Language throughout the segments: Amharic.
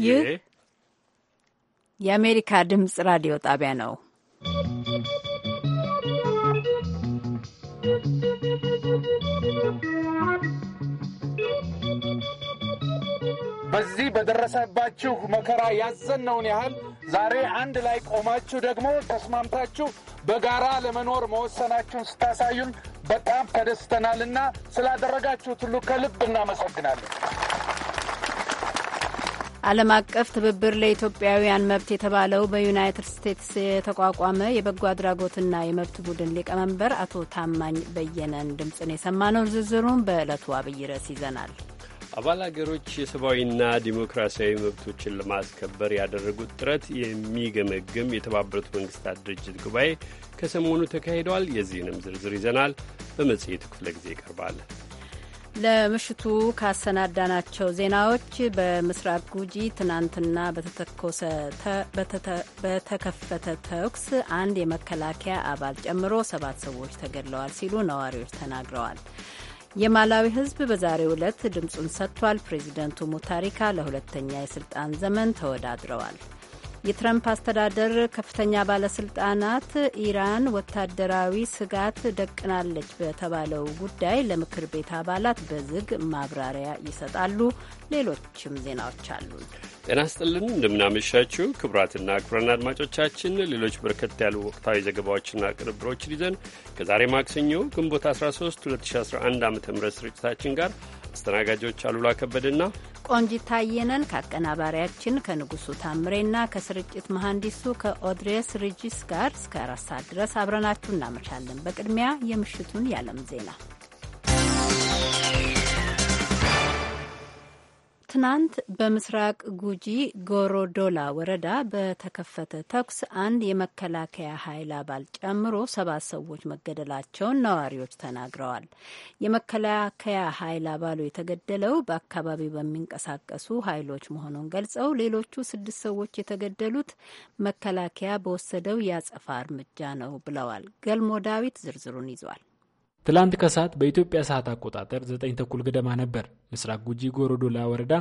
ይህ የአሜሪካ ድምፅ ራዲዮ ጣቢያ ነው። በዚህ በደረሰባችሁ መከራ ያዘነውን ያህል ዛሬ አንድ ላይ ቆማችሁ ደግሞ ተስማምታችሁ በጋራ ለመኖር መወሰናችሁን ስታሳዩን በጣም ተደስተናልና ስላደረጋችሁት ሁሉ ከልብ እናመሰግናለን። ዓለም አቀፍ ትብብር ለኢትዮጵያውያን መብት የተባለው በዩናይትድ ስቴትስ የተቋቋመ የበጎ አድራጎትና የመብት ቡድን ሊቀመንበር አቶ ታማኝ በየነን ድምፅን የሰማነው። ዝርዝሩን በዕለቱ አብይ ርዕስ ይዘናል። አባል አገሮች የሰብአዊና ዲሞክራሲያዊ መብቶችን ለማስከበር ያደረጉት ጥረት የሚገመግም የተባበሩት መንግስታት ድርጅት ጉባኤ ከሰሞኑ ተካሂዷል። የዚህንም ዝርዝር ይዘናል። በመጽሔቱ ክፍለ ጊዜ ይቀርባል። ለምሽቱ ካሰናዳናቸው ዜናዎች በምስራቅ ጉጂ ትናንትና በተተኮሰ በተከፈተ ተኩስ አንድ የመከላከያ አባል ጨምሮ ሰባት ሰዎች ተገድለዋል ሲሉ ነዋሪዎች ተናግረዋል። የማላዊ ሕዝብ በዛሬው ዕለት ድምፁን ሰጥቷል። ፕሬዚደንቱ ሙታሪካ ለሁለተኛ የስልጣን ዘመን ተወዳድረዋል። የትረምፕ አስተዳደር ከፍተኛ ባለስልጣናት ኢራን ወታደራዊ ስጋት ደቅናለች በተባለው ጉዳይ ለምክር ቤት አባላት በዝግ ማብራሪያ ይሰጣሉ። ሌሎችም ዜናዎች አሉ። ጤና ስጥልን፣ እንደምናመሻችሁ ክቡራትና ክቡራን አድማጮቻችን ሌሎች በርከት ያሉ ወቅታዊ ዘገባዎችና ቅንብሮችን ይዘን ከዛሬ ማክሰኞ ግንቦት 13 2011 ዓ ም ስርጭታችን ጋር አስተናጋጆች አሉላ ከበድና ቆንጂት ታየነን ከአቀናባሪያችን ከንጉሱ ታምሬና ከስርጭት መሐንዲሱ ከኦድሬስ ሪጂስ ጋር እስከ አራት ሰዓት ድረስ አብረናችሁ እናመሻለን። በቅድሚያ የምሽቱን የዓለም ዜና ትናንት በምስራቅ ጉጂ ጎሮዶላ ወረዳ በተከፈተ ተኩስ አንድ የመከላከያ ኃይል አባል ጨምሮ ሰባት ሰዎች መገደላቸውን ነዋሪዎች ተናግረዋል። የመከላከያ ኃይል አባሉ የተገደለው በአካባቢው በሚንቀሳቀሱ ኃይሎች መሆኑን ገልጸው ሌሎቹ ስድስት ሰዎች የተገደሉት መከላከያ በወሰደው የአጸፋ እርምጃ ነው ብለዋል። ገልሞ ዳዊት ዝርዝሩን ይዟል። ትላንት ከሰዓት በኢትዮጵያ ሰዓት አቆጣጠር ዘጠኝ ተኩል ገደማ ነበር ምስራቅ ጉጂ ጎሮዶላ ወረዳ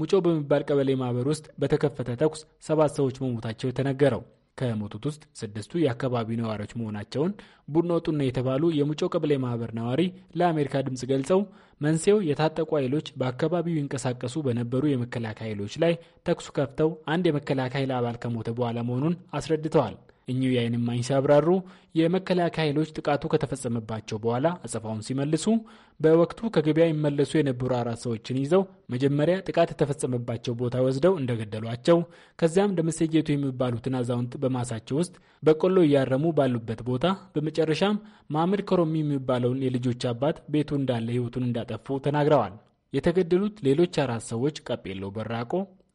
ሙጮ በሚባል ቀበሌ ማህበር ውስጥ በተከፈተ ተኩስ ሰባት ሰዎች መሞታቸው የተነገረው። ከሞቱት ውስጥ ስድስቱ የአካባቢው ነዋሪዎች መሆናቸውን ቡድኖ ጡና የተባሉ የሙጮ ቀበሌ ማህበር ነዋሪ ለአሜሪካ ድምፅ ገልጸው መንስኤው የታጠቁ ኃይሎች በአካባቢው ይንቀሳቀሱ በነበሩ የመከላከያ ኃይሎች ላይ ተኩሱ ከፍተው አንድ የመከላከያ ኃይል አባል ከሞተ በኋላ መሆኑን አስረድተዋል። እኚሁ የአይን እማኝ ሲያብራሩ የመከላከያ ኃይሎች ጥቃቱ ከተፈጸመባቸው በኋላ አጸፋውን ሲመልሱ በወቅቱ ከገበያ ይመለሱ የነበሩ አራት ሰዎችን ይዘው መጀመሪያ ጥቃት የተፈጸመባቸው ቦታ ወስደው እንደገደሏቸው፣ ከዚያም ደመሰጌቱ የሚባሉትን አዛውንት በማሳቸው ውስጥ በቆሎ እያረሙ ባሉበት ቦታ፣ በመጨረሻም መሐመድ ከሮሚ የሚባለውን የልጆች አባት ቤቱ እንዳለ ህይወቱን እንዳጠፉ ተናግረዋል። የተገደሉት ሌሎች አራት ሰዎች ቀጴሎ በራቆ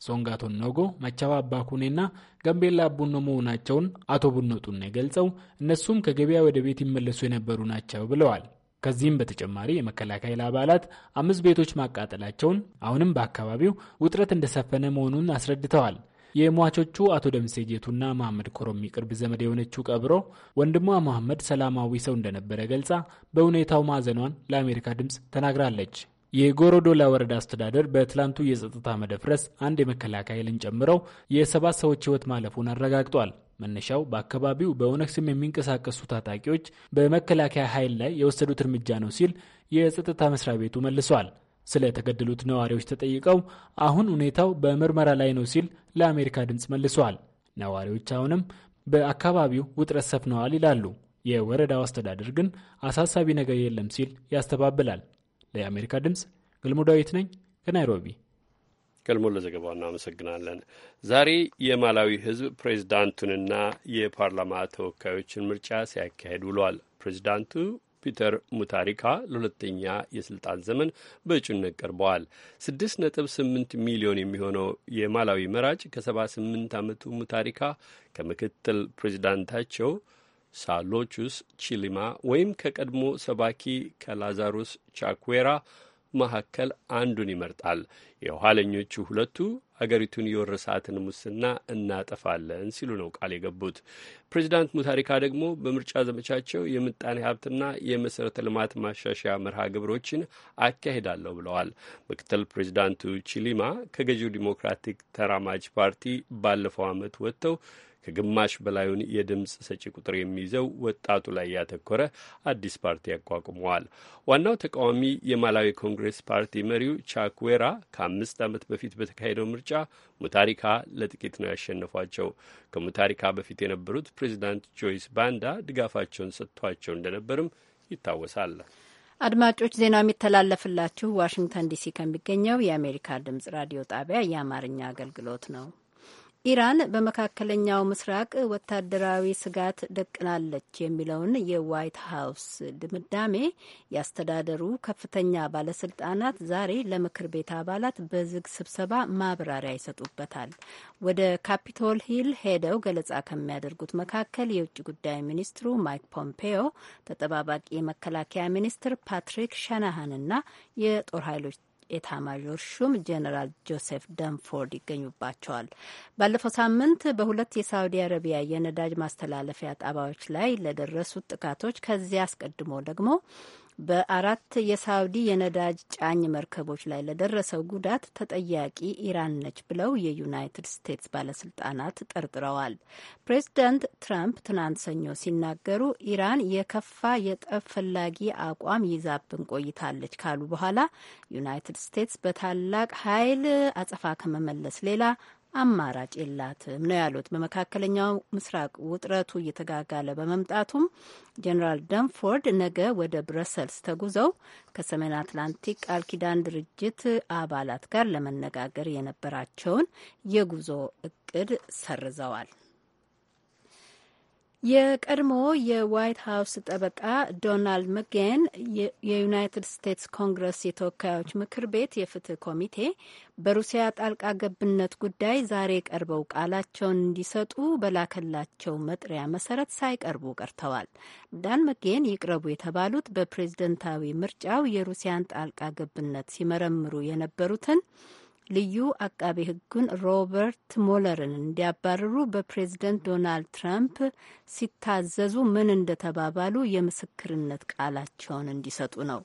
ሶንጋቶን ኖጎ፣ መቻባ አባኩኔና ጋምቤላ ቡኖ መሆናቸውን አቶ ቡኖ ጡኔ ገልጸው እነሱም ከገበያ ወደ ቤት ይመለሱ የነበሩ ናቸው ብለዋል። ከዚህም በተጨማሪ የመከላከያ አባላት አምስት ቤቶች ማቃጠላቸውን አሁንም በአካባቢው ውጥረት እንደሰፈነ መሆኑን አስረድተዋል። የሟቾቹ አቶ ደምሴ ጌቱና መሐመድ ኮሮሚ ቅርብ ዘመድ የሆነችው ቀብሮ ወንድሟ መሐመድ ሰላማዊ ሰው እንደነበረ ገልጻ በሁኔታው ማዘኗን ለአሜሪካ ድምፅ ተናግራለች። የጎሮዶላ ወረዳ አስተዳደር በትላንቱ የጸጥታ መደፍረስ አንድ የመከላከያ ኃይልን ጨምረው የሰባት ሰዎች ህይወት ማለፉን አረጋግጧል። መነሻው በአካባቢው በኦነግ ስም የሚንቀሳቀሱ ታጣቂዎች በመከላከያ ኃይል ላይ የወሰዱት እርምጃ ነው ሲል የጸጥታ መስሪያ ቤቱ መልሷል። ስለ ተገደሉት ነዋሪዎች ተጠይቀው አሁን ሁኔታው በምርመራ ላይ ነው ሲል ለአሜሪካ ድምፅ መልሷል። ነዋሪዎች አሁንም በአካባቢው ውጥረት ሰፍነዋል ይላሉ። የወረዳው አስተዳደር ግን አሳሳቢ ነገር የለም ሲል ያስተባብላል። ለአሜሪካ ድምፅ ገልሞ ዳዊት ነኝ ከናይሮቢ። ገልሞ ለዘገባው እናመሰግናለን። ዛሬ የማላዊ ሕዝብ ፕሬዚዳንቱንና የፓርላማ ተወካዮችን ምርጫ ሲያካሄድ ውሏል። ፕሬዚዳንቱ ፒተር ሙታሪካ ለሁለተኛ የስልጣን ዘመን በእጩነት ቀርበዋል። ስድስት ነጥብ ስምንት ሚሊዮን የሚሆነው የማላዊ መራጭ ከሰባ ስምንት ዓመቱ ሙታሪካ ከምክትል ፕሬዚዳንታቸው ሳሎቹስ ቺሊማ ወይም ከቀድሞ ሰባኪ ከላዛሩስ ቻኩዌራ መካከል አንዱን ይመርጣል። የኋለኞቹ ሁለቱ አገሪቱን የወረሳትን ሙስና እናጠፋለን ሲሉ ነው ቃል የገቡት። ፕሬዚዳንት ሙታሪካ ደግሞ በምርጫ ዘመቻቸው የምጣኔ ሀብትና የመሠረተ ልማት ማሻሻያ መርሃ ግብሮችን አካሂዳለሁ ብለዋል። ምክትል ፕሬዚዳንቱ ቺሊማ ከገዢው ዲሞክራቲክ ተራማጅ ፓርቲ ባለፈው ዓመት ወጥተው ከግማሽ በላዩን የድምፅ ሰጪ ቁጥር የሚይዘው ወጣቱ ላይ ያተኮረ አዲስ ፓርቲ ያቋቁመዋል። ዋናው ተቃዋሚ የማላዊ ኮንግሬስ ፓርቲ መሪው ቻክዌራ ከአምስት ዓመት በፊት በተካሄደው ምርጫ ሙታሪካ ለጥቂት ነው ያሸነፏቸው። ከሙታሪካ በፊት የነበሩት ፕሬዚዳንት ጆይስ ባንዳ ድጋፋቸውን ሰጥቷቸው እንደነበርም ይታወሳል። አድማጮች ዜናው የሚተላለፍላችሁ ዋሽንግተን ዲሲ ከሚገኘው የአሜሪካ ድምጽ ራዲዮ ጣቢያ የአማርኛ አገልግሎት ነው። ኢራን በመካከለኛው ምስራቅ ወታደራዊ ስጋት ደቅናለች የሚለውን የዋይት ሀውስ ድምዳሜ የአስተዳደሩ ከፍተኛ ባለስልጣናት ዛሬ ለምክር ቤት አባላት በዝግ ስብሰባ ማብራሪያ ይሰጡበታል። ወደ ካፒቶል ሂል ሄደው ገለጻ ከሚያደርጉት መካከል የውጭ ጉዳይ ሚኒስትሩ ማይክ ፖምፔዮ፣ ተጠባባቂ የመከላከያ ሚኒስትር ፓትሪክ እና የጦር ኃይሎች ማዦር ሹም ጄኔራል ጆሴፍ ደንፎርድ ይገኙባቸዋል። ባለፈው ሳምንት በሁለት የሳውዲ አረቢያ የነዳጅ ማስተላለፊያ ጣቢያዎች ላይ ለደረሱት ጥቃቶች ከዚያ አስቀድሞ ደግሞ በአራት የሳውዲ የነዳጅ ጫኝ መርከቦች ላይ ለደረሰው ጉዳት ተጠያቂ ኢራን ነች ብለው የዩናይትድ ስቴትስ ባለስልጣናት ጠርጥረዋል። ፕሬዚዳንት ትራምፕ ትናንት ሰኞ ሲናገሩ ኢራን የከፋ የጠብ ፈላጊ አቋም ይዛብን ቆይታለች ካሉ በኋላ ዩናይትድ ስቴትስ በታላቅ ኃይል አጸፋ ከመመለስ ሌላ አማራጭ የላትም ነው ያሉት። በመካከለኛው ምስራቅ ውጥረቱ እየተጋጋለ በመምጣቱም ጀኔራል ደንፎርድ ነገ ወደ ብረሰልስ ተጉዘው ከሰሜን አትላንቲክ ቃል ኪዳን ድርጅት አባላት ጋር ለመነጋገር የነበራቸውን የጉዞ እቅድ ሰርዘዋል። የቀድሞ የዋይት ሀውስ ጠበቃ ዶናልድ መጌን የዩናይትድ ስቴትስ ኮንግረስ የተወካዮች ምክር ቤት የፍትህ ኮሚቴ በሩሲያ ጣልቃ ገብነት ጉዳይ ዛሬ ቀርበው ቃላቸውን እንዲሰጡ በላከላቸው መጥሪያ መሰረት ሳይቀርቡ ቀርተዋል። ዳን መጌን ይቅረቡ የተባሉት በፕሬዝደንታዊ ምርጫው የሩሲያን ጣልቃ ገብነት ሲመረምሩ የነበሩትን ልዩ አቃቤ ሕጉን ሮበርት ሞለርን እንዲያባርሩ በፕሬዝደንት ዶናልድ ትራምፕ ሲታዘዙ ምን እንደተባባሉ የምስክርነት ቃላቸውን እንዲሰጡ ነው።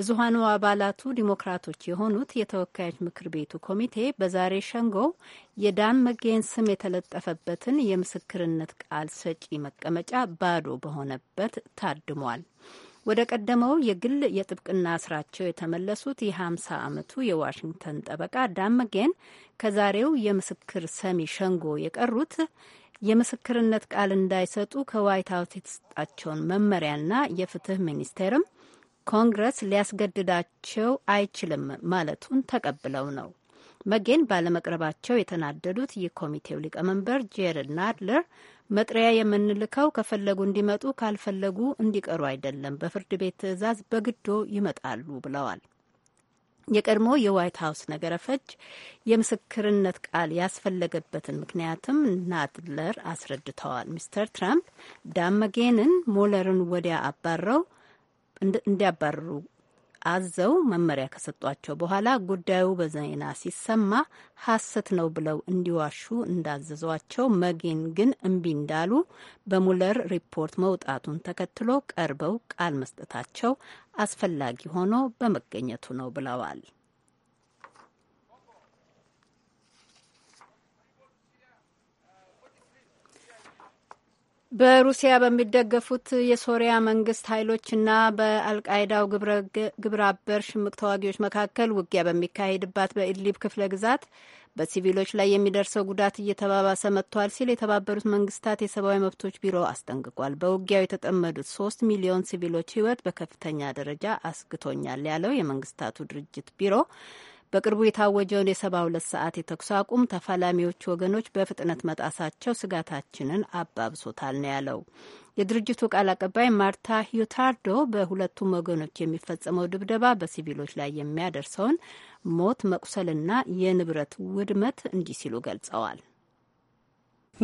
ብዙሀኑ አባላቱ ዲሞክራቶች የሆኑት የተወካዮች ምክር ቤቱ ኮሚቴ በዛሬ ሸንጎ የዳን መጌን ስም የተለጠፈበትን የምስክርነት ቃል ሰጪ መቀመጫ ባዶ በሆነበት ታድሟል። ወደ ቀደመው የግል የጥብቅና ስራቸው የተመለሱት የ50 ዓመቱ የዋሽንግተን ጠበቃ ዳመጌን ከዛሬው የምስክር ሰሚ ሸንጎ የቀሩት የምስክርነት ቃል እንዳይሰጡ ከዋይት ሀውስ የተሰጣቸውን መመሪያና የፍትህ ሚኒስቴርም ኮንግረስ ሊያስገድዳቸው አይችልም ማለቱን ተቀብለው ነው። መጌን ባለመቅረባቸው የተናደዱት የኮሚቴው ሊቀመንበር ጄረድ ናድለር መጥሪያ የምንልከው ከፈለጉ እንዲመጡ ካልፈለጉ እንዲቀሩ አይደለም፣ በፍርድ ቤት ትዕዛዝ በግዶ ይመጣሉ ብለዋል። የቀድሞ የዋይት ሀውስ ፈጅ የምስክርነት ቃል ያስፈለገበትን ምክንያትም ናድለር አስረድተዋል። ሚስተር ትራምፕ ዳመጌንን ሞለርን ወዲያ አባረው እንዲያባርሩ አዘው መመሪያ ከሰጧቸው በኋላ ጉዳዩ በዜና ሲሰማ ሐሰት ነው ብለው እንዲዋሹ እንዳዘዟቸው መጌን ግን እምቢ እንዳሉ በሙለር ሪፖርት መውጣቱን ተከትሎ ቀርበው ቃል መስጠታቸው አስፈላጊ ሆኖ በመገኘቱ ነው ብለዋል። በሩሲያ በሚደገፉት የሶሪያ መንግስት ኃይሎችና በአልቃይዳው ግብረ አበር ሽምቅ ተዋጊዎች መካከል ውጊያ በሚካሄድባት በኢድሊብ ክፍለ ግዛት በሲቪሎች ላይ የሚደርሰው ጉዳት እየተባባሰ መጥቷል ሲል የተባበሩት መንግስታት የሰብአዊ መብቶች ቢሮ አስጠንቅቋል። በውጊያው የተጠመዱት ሶስት ሚሊዮን ሲቪሎች ህይወት በከፍተኛ ደረጃ አስግቶኛል ያለው የመንግስታቱ ድርጅት ቢሮ በቅርቡ የታወጀውን የሰባ ሁለት ሰዓት የተኩስ አቁም ተፋላሚዎቹ ወገኖች በፍጥነት መጣሳቸው ስጋታችንን አባብሶታል ነው ያለው። የድርጅቱ ቃል አቀባይ ማርታ ሂዩታርዶ በሁለቱም ወገኖች የሚፈጸመው ድብደባ በሲቪሎች ላይ የሚያደርሰውን ሞት፣ መቁሰልና የንብረት ውድመት እንዲህ ሲሉ ገልጸዋል።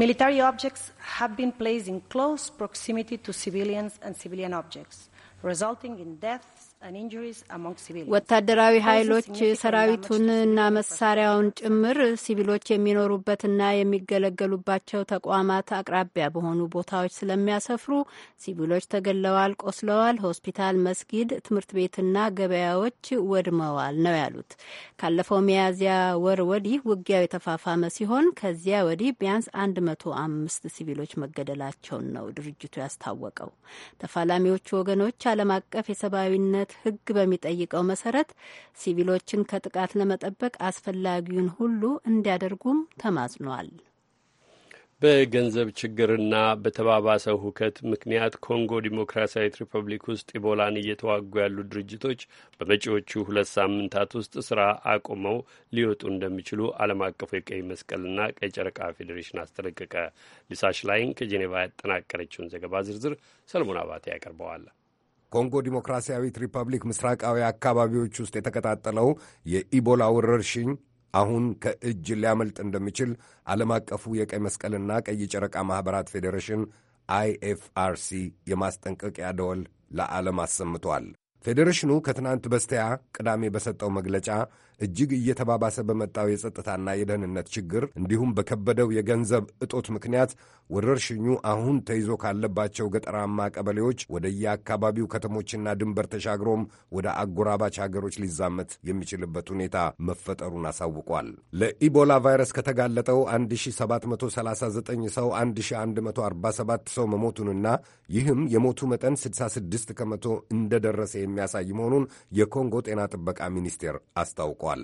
ሚሊታሪ ኦብጀክትስ ሃቭ ቢን ኢን ክሎዝ ፕሮክሲሚቲ ቱ ሲቪሊያንስ ኤንድ ሲቪሊያን ኦብጀክትስ ሪዛልቲንግ ኢን ወታደራዊ ኃይሎች ሰራዊቱን እና መሳሪያውን ጭምር ሲቪሎች የሚኖሩበትና የሚገለገሉባቸው ተቋማት አቅራቢያ በሆኑ ቦታዎች ስለሚያሰፍሩ ሲቪሎች ተገለዋል፣ ቆስለዋል፣ ሆስፒታል፣ መስጊድ፣ ትምህርት ቤትና ገበያዎች ወድመዋል ነው ያሉት። ካለፈው ሚያዝያ ወር ወዲህ ውጊያው የተፋፋመ ሲሆን ከዚያ ወዲህ ቢያንስ አንድ መቶ አምስት ሲቪሎች መገደላቸውን ነው ድርጅቱ ያስታወቀው። ተፋላሚዎቹ ወገኖች ዓለም አቀፍ የሰብአዊነት መሰረት ሕግ በሚጠይቀው መሰረት ሲቪሎችን ከጥቃት ለመጠበቅ አስፈላጊውን ሁሉ እንዲያደርጉም ተማጽኗል። በገንዘብ ችግርና በተባባሰ ሁከት ምክንያት ኮንጎ ዲሞክራሲያዊት ሪፐብሊክ ውስጥ ኢቦላን እየተዋጉ ያሉ ድርጅቶች በመጪዎቹ ሁለት ሳምንታት ውስጥ ስራ አቁመው ሊወጡ እንደሚችሉ ዓለም አቀፉ የቀይ መስቀልና ቀይ ጨረቃ ፌዴሬሽን አስጠነቀቀ። ሊሳሽ ላይን ከጄኔቫ ያጠናቀረችውን ዘገባ ዝርዝር ሰለሞን አባቴ ያቀርበዋል። ኮንጎ ዲሞክራሲያዊት ሪፐብሊክ ምስራቃዊ አካባቢዎች ውስጥ የተቀጣጠለው የኢቦላ ወረርሽኝ አሁን ከእጅ ሊያመልጥ እንደሚችል ዓለም አቀፉ የቀይ መስቀልና ቀይ ጨረቃ ማኅበራት ፌዴሬሽን አይኤፍአርሲ የማስጠንቀቂያ ደወል ለዓለም አሰምቷል። ፌዴሬሽኑ ከትናንት በስቲያ ቅዳሜ በሰጠው መግለጫ እጅግ እየተባባሰ በመጣው የጸጥታና የደህንነት ችግር እንዲሁም በከበደው የገንዘብ እጦት ምክንያት ወረርሽኙ አሁን ተይዞ ካለባቸው ገጠራማ ቀበሌዎች ወደ የአካባቢው ከተሞችና ድንበር ተሻግሮም ወደ አጎራባች ሀገሮች ሊዛመት የሚችልበት ሁኔታ መፈጠሩን አሳውቋል። ለኢቦላ ቫይረስ ከተጋለጠው 1739 ሰው 1147 ሰው መሞቱንና ይህም የሞቱ መጠን 66 ከመቶ እንደደረሰ የሚያሳይ መሆኑን የኮንጎ ጤና ጥበቃ ሚኒስቴር አስታውቋል። ገልጸዋል።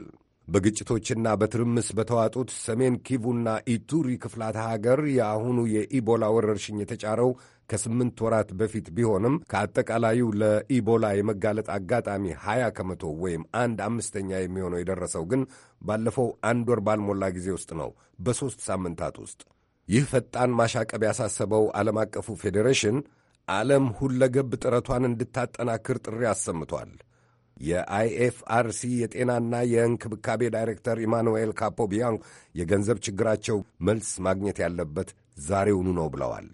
በግጭቶችና በትርምስ በተዋጡት ሰሜን ኪቡና ኢቱሪ ክፍላተ ሀገር የአሁኑ የኢቦላ ወረርሽኝ የተጫረው ከስምንት ወራት በፊት ቢሆንም ከአጠቃላዩ ለኢቦላ የመጋለጥ አጋጣሚ 20 ከመቶ ወይም አንድ አምስተኛ የሚሆነው የደረሰው ግን ባለፈው አንድ ወር ባልሞላ ጊዜ ውስጥ ነው፣ በሦስት ሳምንታት ውስጥ። ይህ ፈጣን ማሻቀብ ያሳሰበው ዓለም አቀፉ ፌዴሬሽን ዓለም ሁለገብ ጥረቷን እንድታጠናክር ጥሪ አሰምቷል። የአይኤፍአርሲ የጤናና የእንክብካቤ ዳይሬክተር ኢማኑኤል ካፖ ቢያንግ የገንዘብ ችግራቸው መልስ ማግኘት ያለበት ዛሬውኑ ነው ብለዋል።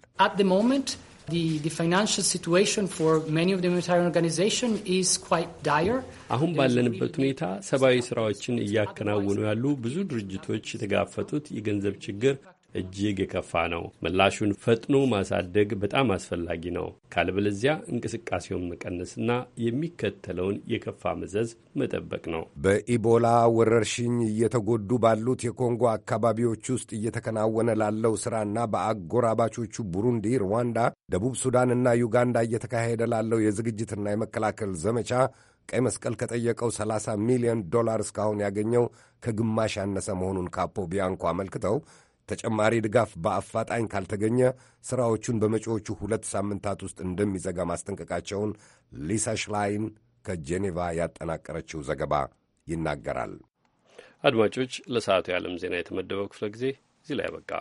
አሁን ባለንበት ሁኔታ ሰብአዊ ስራዎችን እያከናወኑ ያሉ ብዙ ድርጅቶች የተጋፈጡት የገንዘብ ችግር እጅግ የከፋ ነው። ምላሹን ፈጥኖ ማሳደግ በጣም አስፈላጊ ነው። ካልበለዚያ እንቅስቃሴውን መቀነስና የሚከተለውን የከፋ መዘዝ መጠበቅ ነው። በኢቦላ ወረርሽኝ እየተጎዱ ባሉት የኮንጎ አካባቢዎች ውስጥ እየተከናወነ ላለው ሥራና በአጎራባቾቹ ቡሩንዲ፣ ሩዋንዳ፣ ደቡብ ሱዳንና ዩጋንዳ እየተካሄደ ላለው የዝግጅትና የመከላከል ዘመቻ ቀይ መስቀል ከጠየቀው 30 ሚሊዮን ዶላር እስካሁን ያገኘው ከግማሽ ያነሰ መሆኑን ካፖ ቢያንኮ አመልክተው ተጨማሪ ድጋፍ በአፋጣኝ ካልተገኘ ሥራዎቹን በመጪዎቹ ሁለት ሳምንታት ውስጥ እንደሚዘጋ ማስጠንቀቃቸውን ሊሳ ሽላይን ከጄኔቫ ያጠናቀረችው ዘገባ ይናገራል። አድማጮች፣ ለሰዓቱ የዓለም ዜና የተመደበው ክፍለ ጊዜ እዚህ ላይ ያበቃ።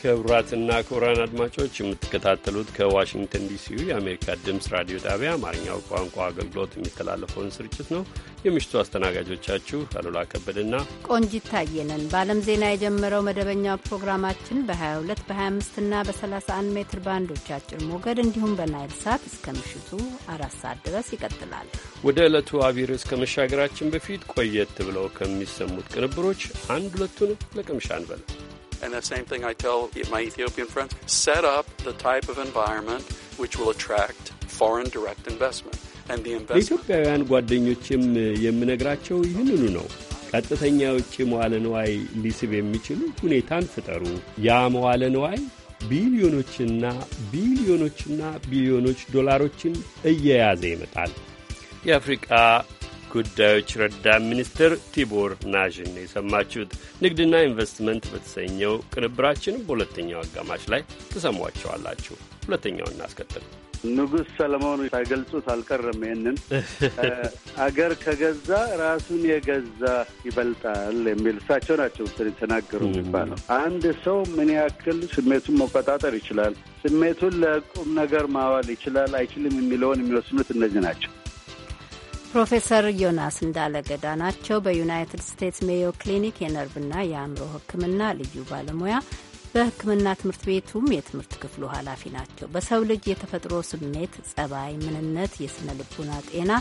ክቡራትና ክቡራን አድማጮች የምትከታተሉት ከዋሽንግተን ዲሲ የአሜሪካ ድምፅ ራዲዮ ጣቢያ አማርኛው ቋንቋ አገልግሎት የሚተላለፈውን ስርጭት ነው። የምሽቱ አስተናጋጆቻችሁ አሉላ ከበድና ቆንጂት ታየነን። በአለም በዓለም ዜና የጀመረው መደበኛው ፕሮግራማችን በ22 በ25 እና በ31 ሜትር ባንዶች አጭር ሞገድ እንዲሁም በናይል ሳት እስከ ምሽቱ አራት ሰዓት ድረስ ይቀጥላል። ወደ ዕለቱ አቢር እስከ መሻገራችን በፊት ቆየት ብለው ከሚሰሙት ቅንብሮች አንድ ሁለቱን ለቅምሻ እንበል። And the same thing I tell my Ethiopian friends set up the type of environment which will attract foreign direct investment. And the investment. በኢትዮጵያውያን ጓደኞችም የምነግራቸው ይህንኑ ነው። ቀጥተኛ ውጭ መዋለ ንዋይ ሊስብ የሚችሉ ሁኔታን ፍጠሩ። ያ መዋለ ንዋይ ቢሊዮኖችና ቢሊዮኖችና ቢሊዮኖች ዶላሮችን እየያዘ ይመጣል። የአፍሪቃ ጉዳዮች ረዳት ሚኒስትር ቲቦር ናዥን የሰማችሁት። ንግድና ኢንቨስትመንት በተሰኘው ቅንብራችን በሁለተኛው አጋማሽ ላይ ትሰሟቸዋላችሁ። ሁለተኛውን እናስከትል። ንጉሥ ሰለሞን ሳይገልጹት አልቀረም። ይህንን አገር ከገዛ ራሱን የገዛ ይበልጣል የሚል እሳቸው ናቸው ተናገሩ የሚባለው። አንድ ሰው ምን ያክል ስሜቱን መቆጣጠር ይችላል፣ ስሜቱን ለቁም ነገር ማዋል ይችላል አይችልም የሚለውን የሚወስኑት እነዚህ ናቸው። ፕሮፌሰር ዮናስ እንዳለገዳ ናቸው። በዩናይትድ ስቴትስ ሜዮ ክሊኒክ የነርቭና የአእምሮ ሕክምና ልዩ ባለሙያ በሕክምና ትምህርት ቤቱም የትምህርት ክፍሉ ኃላፊ ናቸው። በሰው ልጅ የተፈጥሮ ስሜት፣ ጸባይ፣ ምንነት፣ የሥነ ልቡና ጤና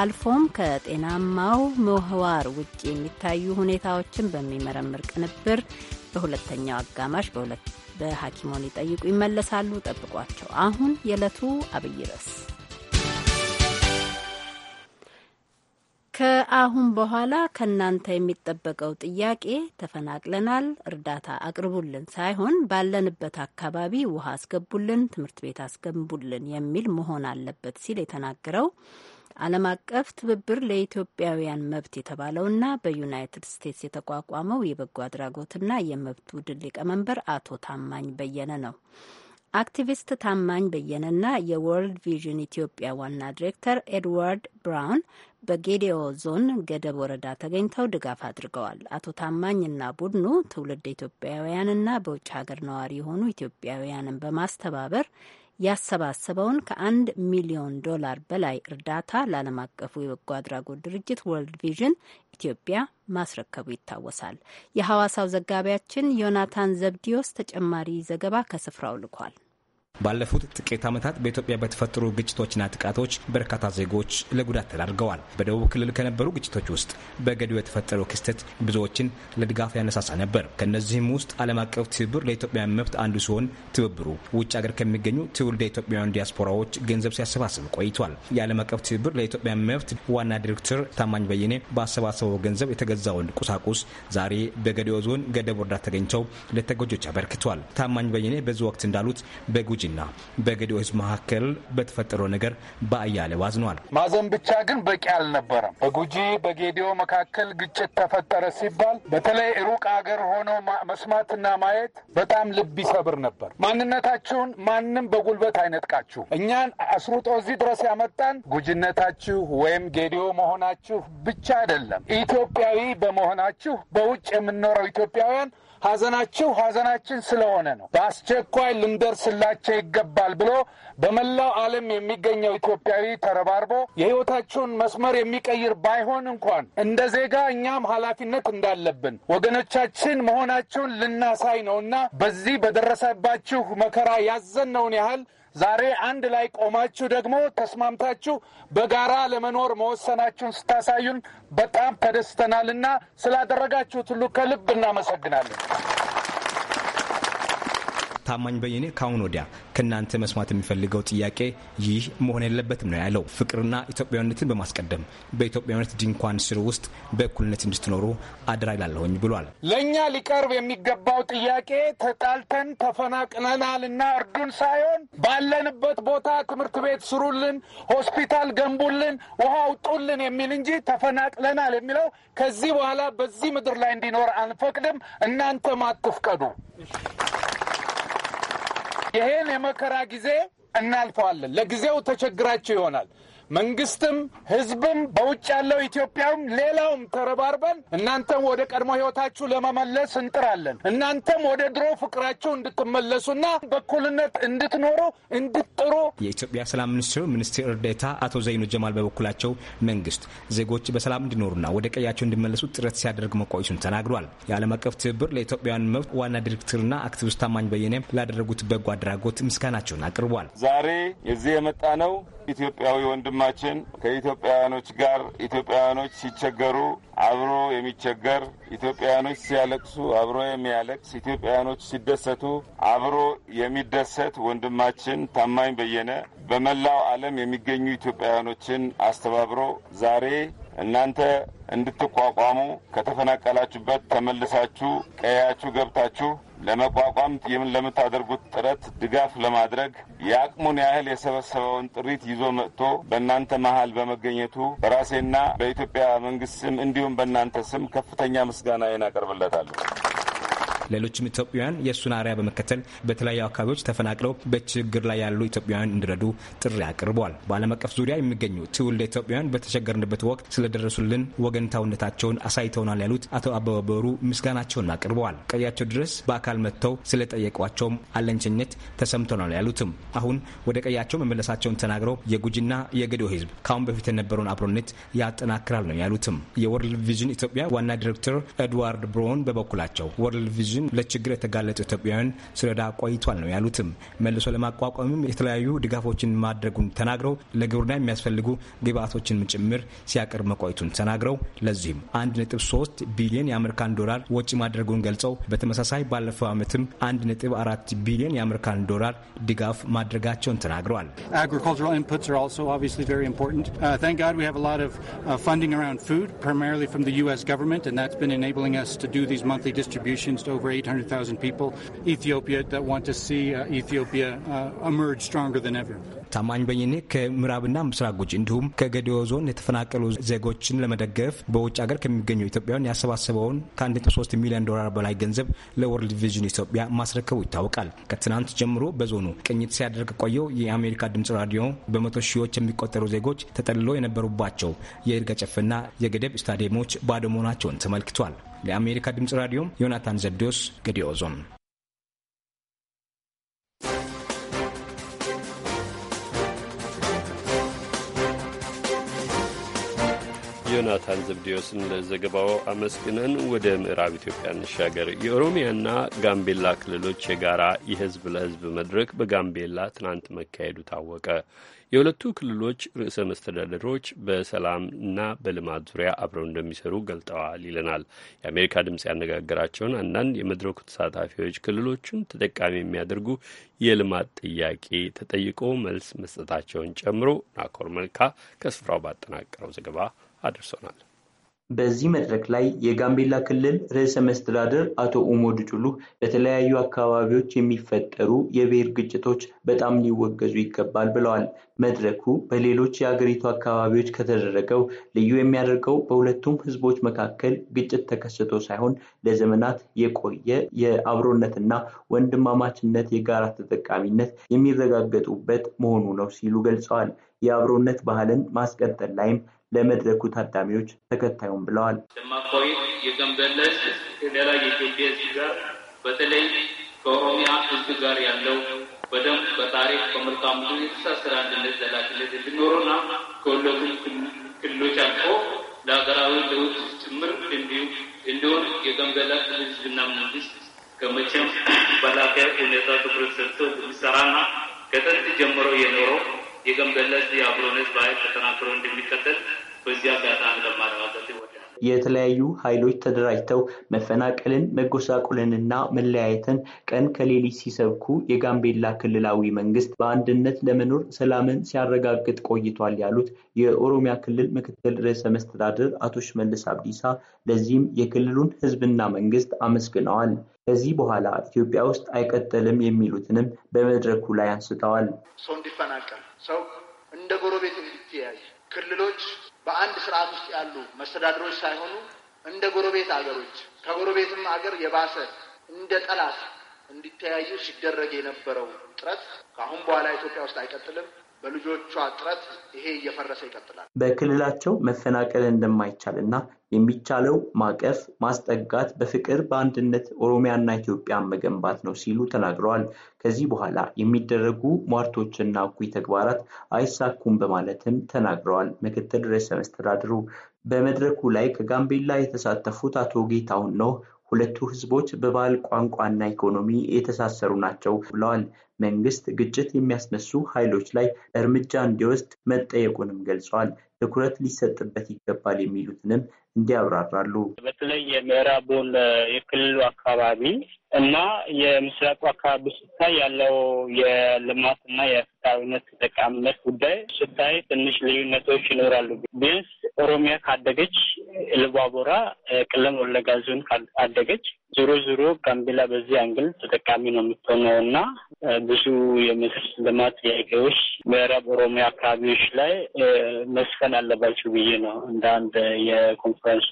አልፎም ከጤናማው ምህዋር ውጭ የሚታዩ ሁኔታዎችን በሚመረምር ቅንብር በሁለተኛው አጋማሽ በሐኪሞን ይጠይቁ ይመለሳሉ። ጠብቋቸው። አሁን የዕለቱ አብይ ርዕስ ከአሁን በኋላ ከእናንተ የሚጠበቀው ጥያቄ ተፈናቅለናል፣ እርዳታ አቅርቡልን ሳይሆን ባለንበት አካባቢ ውሃ አስገቡልን፣ ትምህርት ቤት አስገንቡልን የሚል መሆን አለበት ሲል የተናገረው ዓለም አቀፍ ትብብር ለኢትዮጵያውያን መብት የተባለውና በዩናይትድ ስቴትስ የተቋቋመው የበጎ አድራጎትና የመብት ቡድን ሊቀመንበር አቶ ታማኝ በየነ ነው። አክቲቪስት ታማኝ በየነና የወርልድ ቪዥን ኢትዮጵያ ዋና ዲሬክተር ኤድዋርድ ብራውን በጌዲኦ ዞን ገደብ ወረዳ ተገኝተው ድጋፍ አድርገዋል። አቶ ታማኝና ቡድኑ ትውልድ ኢትዮጵያውያንና በውጭ ሀገር ነዋሪ የሆኑ ኢትዮጵያውያንን በማስተባበር ያሰባሰበውን ከአንድ ሚሊዮን ዶላር በላይ እርዳታ ለዓለም አቀፉ የበጎ አድራጎት ድርጅት ወርልድ ቪዥን ኢትዮጵያ ማስረከቡ ይታወሳል። የሐዋሳው ዘጋቢያችን ዮናታን ዘብዲዮስ ተጨማሪ ዘገባ ከስፍራው ልኳል። ባለፉት ጥቂት ዓመታት በኢትዮጵያ በተፈጠሩ ግጭቶችና ጥቃቶች በርካታ ዜጎች ለጉዳት ተዳርገዋል። በደቡብ ክልል ከነበሩ ግጭቶች ውስጥ በገዲዮ የተፈጠረው ክስተት ብዙዎችን ለድጋፍ ያነሳሳ ነበር። ከእነዚህም ውስጥ ዓለም አቀፍ ትብብር ለኢትዮጵያ መብት አንዱ ሲሆን ትብብሩ ውጭ ሀገር ከሚገኙ ትውልደ ኢትዮጵያውያን ዲያስፖራዎች ገንዘብ ሲያሰባስብ ቆይቷል። የዓለም አቀፍ ትብብር ለኢትዮጵያ መብት ዋና ዲሬክተር ታማኝ በየኔ በአሰባሰበው ገንዘብ የተገዛውን ቁሳቁስ ዛሬ በገዲዮ ዞን ገደብ ወረዳ ተገኝተው ለተጎጆች አበርክቷል። ታማኝ በየኔ በዚህ ወቅት እንዳሉት በጉጂ በጅና በገዲኦ ህዝብ መካከል በተፈጠረው ነገር በአያሌው አዝኗል። ማዘን ብቻ ግን በቂ አልነበረም። በጉጂ በጌዲዮ መካከል ግጭት ተፈጠረ ሲባል በተለይ ሩቅ አገር ሆኖ መስማትና ማየት በጣም ልብ ይሰብር ነበር። ማንነታችሁን ማንም በጉልበት አይነጥቃችሁ። እኛን አስሩጦ እዚህ ድረስ ያመጣን ጉጂነታችሁ ወይም ጌዲዮ መሆናችሁ ብቻ አይደለም፣ ኢትዮጵያዊ በመሆናችሁ በውጭ የምንኖረው ኢትዮጵያውያን ሐዘናችሁ ሐዘናችን ስለሆነ ነው፣ በአስቸኳይ ልንደርስላቸው ይገባል ብሎ በመላው ዓለም የሚገኘው ኢትዮጵያዊ ተረባርቦ የሕይወታችሁን መስመር የሚቀይር ባይሆን እንኳን እንደ ዜጋ እኛም ኃላፊነት እንዳለብን ወገኖቻችን መሆናችሁን ልናሳይ ነውና በዚህ በደረሰባችሁ መከራ ያዘን ያህል ዛሬ አንድ ላይ ቆማችሁ ደግሞ ተስማምታችሁ በጋራ ለመኖር መወሰናችሁን ስታሳዩን በጣም ተደስተናልና ስላደረጋችሁት ሁሉ ከልብ እናመሰግናለን። ታማኝ በየኔ ከአሁን ወዲያ ከእናንተ መስማት የሚፈልገው ጥያቄ ይህ መሆን የለበትም ነው ያለው። ፍቅርና ኢትዮጵያዊነትን በማስቀደም በኢትዮጵያዊነት ድንኳን ስር ውስጥ በእኩልነት እንድትኖሩ አደራ ይላለሁኝ ብሏል። ለእኛ ሊቀርብ የሚገባው ጥያቄ ተጣልተን ተፈናቅለናልና እርዱን ሳይሆን ባለንበት ቦታ ትምህርት ቤት ስሩልን፣ ሆስፒታል ገንቡልን፣ ውሃ አውጡልን የሚል እንጂ ተፈናቅለናል የሚለው ከዚህ በኋላ በዚህ ምድር ላይ እንዲኖር አንፈቅድም። እናንተም አትፍቀዱ። ይሄን የመከራ ጊዜ እናልፈዋለን። ለጊዜው ተቸግራቸው ይሆናል። መንግስትም ህዝብም በውጭ ያለው ኢትዮጵያም ሌላውም ተረባርበን እናንተም ወደ ቀድሞ ህይወታችሁ ለመመለስ እንጥራለን። እናንተም ወደ ድሮ ፍቅራችሁ እንድትመለሱና በኩልነት እንድትኖሩ እንድትጥሩ። የኢትዮጵያ ሰላም ሚኒስትር ሚኒስትር እርዴታ አቶ ዘይኑ ጀማል በበኩላቸው መንግስት ዜጎች በሰላም እንዲኖሩና ወደ ቀያቸው እንዲመለሱ ጥረት ሲያደርግ መቆየቱን ተናግሯል። የዓለም አቀፍ ትብብር ለኢትዮጵያውያን መብት ዋና ዲሬክተርና አክቲቪስት ታማኝ በየነ ላደረጉት በጎ አድራጎት ምስጋናቸውን አቅርቧል። ዛሬ የዚህ የመጣ ነው ኢትዮጵያዊ ወንድማችን ከኢትዮጵያውያኖች ጋር ኢትዮጵያውያኖች ሲቸገሩ አብሮ የሚቸገር ኢትዮጵያውያኖች ሲያለቅሱ አብሮ የሚያለቅስ ኢትዮጵያውያኖች ሲደሰቱ አብሮ የሚደሰት ወንድማችን ታማኝ በየነ በመላው ዓለም የሚገኙ ኢትዮጵያውያኖችን አስተባብሮ ዛሬ እናንተ እንድትቋቋሙ ከተፈናቀላችሁበት ተመልሳችሁ ቀያችሁ ገብታችሁ ለመቋቋም ለምታደርጉት ጥረት ድጋፍ ለማድረግ የአቅሙን ያህል የሰበሰበውን ጥሪት ይዞ መጥቶ በእናንተ መሀል በመገኘቱ በራሴና በኢትዮጵያ መንግስት ስም እንዲሁም በእናንተ ስም ከፍተኛ ምስጋናዬን አቀርብለታለሁ። ሌሎችም ኢትዮጵያውያን የእሱን አርያ በመከተል በተለያዩ አካባቢዎች ተፈናቅለው በችግር ላይ ያሉ ኢትዮጵያውያን እንዲረዱ ጥሪ አቅርበዋል። በዓለም አቀፍ ዙሪያ የሚገኙ ትውልደ ኢትዮጵያውያን በተቸገርንበት ወቅት ስለደረሱልን ወገንታውነታቸውን አሳይተውናል ያሉት አቶ አበበ በሩ ምስጋናቸውን አቅርበዋል። ቀያቸው ድረስ በአካል መጥተው ስለጠየቋቸውም አለንቸኘት ተሰምተናል ያሉትም አሁን ወደ ቀያቸው መመለሳቸውን ተናግረው የጉጂና የገዶ ህዝብ ከአሁን በፊት የነበረውን አብሮነት ያጠናክራል ነው ያሉትም። የወርልድ ቪዥን ኢትዮጵያ ዋና ዲሬክተር ኤድዋርድ ብሮን በበኩላቸው ወርልድ ቪዥን ቴሌቪዥን ለችግር የተጋለጡ ኢትዮጵያውያን ሲረዳ ቆይቷል ነው ያሉትም። መልሶ ለማቋቋምም የተለያዩ ድጋፎችን ማድረጉን ተናግረው ለግብርና የሚያስፈልጉ ግብአቶችን ጭምር ሲያቀርብ መቆይቱን ተናግረው ለዚህም ሶስት ቢሊዮን የአሜሪካን ዶላር ወጪ ማድረጉን ገልጸው በተመሳሳይ ባለፈው ዓመትም አራት ቢሊዮን የአሜሪካን ዶላር ድጋፍ ማድረጋቸውን ተናግረዋል። over 800,000 people, Ethiopia, that want to see uh, Ethiopia uh, emerge stronger than ever. ታማኝ በየኔ ከምዕራብና ምስራቅ ጉጂ እንዲሁም ከገዲዮ ዞን የተፈናቀሉ ዜጎችን ለመደገፍ በውጭ ሀገር ከሚገኙ ኢትዮጵያውያን ያሰባሰበውን ከ13 ሚሊዮን ዶላር በላይ ገንዘብ ለወርልድ ቪዥን ኢትዮጵያ ማስረከቡ ይታወቃል። ከትናንት ጀምሮ በዞኑ ቅኝት ሲያደርግ ቆየው የአሜሪካ ድምጽ ራዲዮ በመቶ ሺዎች የሚቆጠሩ ዜጎች ተጠልሎ የነበሩባቸው የይርጋ ጨፌና የገደብ ስታዲየሞች ባዶ መሆናቸውን ተመልክቷል። ለአሜሪካ ድምፅ ራዲዮ ዮናታን ዘብዲዮስ ገዲኦ ዞን ዮናታን ዘብዴዎስን ለዘገባው አመስግነን ወደ ምዕራብ ኢትዮጵያ እንሻገር። የኦሮሚያና ጋምቤላ ክልሎች የጋራ የህዝብ ለህዝብ መድረክ በጋምቤላ ትናንት መካሄዱ ታወቀ። የሁለቱ ክልሎች ርዕሰ መስተዳደሮች በሰላምና በልማት ዙሪያ አብረው እንደሚሰሩ ገልጠዋል ይለናል። የአሜሪካ ድምፅ ያነጋገራቸውን አንዳንድ የመድረኩ ተሳታፊዎች ክልሎቹን ተጠቃሚ የሚያደርጉ የልማት ጥያቄ ተጠይቆ መልስ መስጠታቸውን ጨምሮ ናኮር መልካ ከስፍራው ባጠናቀረው ዘገባ አድርሶናል። በዚህ መድረክ ላይ የጋምቤላ ክልል ርዕሰ መስተዳደር አቶ ኡሞድ ጩሉ በተለያዩ አካባቢዎች የሚፈጠሩ የብሔር ግጭቶች በጣም ሊወገዙ ይገባል ብለዋል። መድረኩ በሌሎች የአገሪቱ አካባቢዎች ከተደረገው ልዩ የሚያደርገው በሁለቱም ሕዝቦች መካከል ግጭት ተከስቶ ሳይሆን ለዘመናት የቆየ የአብሮነትና ወንድማማችነት የጋራ ተጠቃሚነት የሚረጋገጡበት መሆኑ ነው ሲሉ ገልጸዋል። የአብሮነት ባህልን ማስቀጠል ላይም ለመድረኩ ታዳሚዎች ተከታዩም ብለዋል። ደማካዊ የገንበለስ ከሌላ የኢትዮጵያ ህዝብ ጋር በተለይ ከኦሮሚያ ህዝብ ጋር ያለው በደንብ በታሪክ በመልካም የተሳሰረ አንድነት ዘላቂነት እንዲኖረና ከሁለቱም ክልሎች አልፎ ለሀገራዊ ለውጥ ጭምር እንዲሁም የገንበላ ህዝብና መንግስት ከመቼም በላቀ ሁኔታ ትኩረት ሰጥቶ ሊሰራና ከጥንት ጀምሮ የኖረው የገምገለዝ የአብሮን ህዝብ ተጠናክሮ እንደሚቀጥል በዚህ አጋጣሚ ለማረጋገጥ የተለያዩ ኃይሎች ተደራጅተው መፈናቀልን መጎሳቁልንና መለያየትን ቀን ከሌሊት ሲሰብኩ የጋምቤላ ክልላዊ መንግስት በአንድነት ለመኖር ሰላምን ሲያረጋግጥ ቆይቷል ያሉት የኦሮሚያ ክልል ምክትል ርዕሰ መስተዳድር አቶ ሽመልስ አብዲሳ ለዚህም የክልሉን ህዝብና መንግስት አመስግነዋል። ከዚህ በኋላ ኢትዮጵያ ውስጥ አይቀጥልም የሚሉትንም በመድረኩ ላይ አንስተዋል። ሰው እንዲፈናቀል ሰው እንደ ጎረቤት እንዲተያይ ክልሎች በአንድ ስርዓት ውስጥ ያሉ መስተዳድሮች ሳይሆኑ እንደ ጎረቤት አገሮች ከጎረቤትም አገር የባሰ እንደ ጠላት እንዲተያዩ ሲደረግ የነበረው ጥረት ከአሁን በኋላ ኢትዮጵያ ውስጥ አይቀጥልም። በልጆቿ ጥረት ይሄ እየፈረሰ ይቀጥላል። በክልላቸው መፈናቀል እንደማይቻል እና የሚቻለው ማቀፍ ማስጠጋት፣ በፍቅር በአንድነት ኦሮሚያና ኢትዮጵያን መገንባት ነው ሲሉ ተናግረዋል። ከዚህ በኋላ የሚደረጉ ሟርቶችና እኩይ ተግባራት አይሳኩም በማለትም ተናግረዋል። ምክትል ርዕሰ መስተዳድሩ በመድረኩ ላይ ከጋምቤላ የተሳተፉት አቶ ጌታሁን ነው ሁለቱ ህዝቦች በባህል ቋንቋና ኢኮኖሚ የተሳሰሩ ናቸው ብለዋል። መንግስት ግጭት የሚያስነሱ ኃይሎች ላይ እርምጃ እንዲወስድ መጠየቁንም ገልጸዋል። ትኩረት ሊሰጥበት ይገባል የሚሉትንም እንዲያብራራሉ። በተለይ የምዕራቡን የክልሉ አካባቢ እና የምስራቁ አካባቢ ስታይ ያለው የልማትና የፍትሐዊነት ተጠቃሚነት ጉዳይ ስታይ ትንሽ ልዩነቶች ይኖራሉ። ቢያንስ ኦሮሚያ ካደገች፣ ኢሉባቦራ ቄለም ወለጋ ዞን ካደገች ዞሮ ዞሮ ጋምቤላ በዚህ አንግል ተጠቃሚ ነው የምትሆነው እና ብዙ የመሰረተ ልማት ጥያቄዎች ምዕራብ ኦሮሚያ አካባቢዎች ላይ መስፈን አለባቸው ብዬ ነው እንደ አንድ የኮንፈረንሱ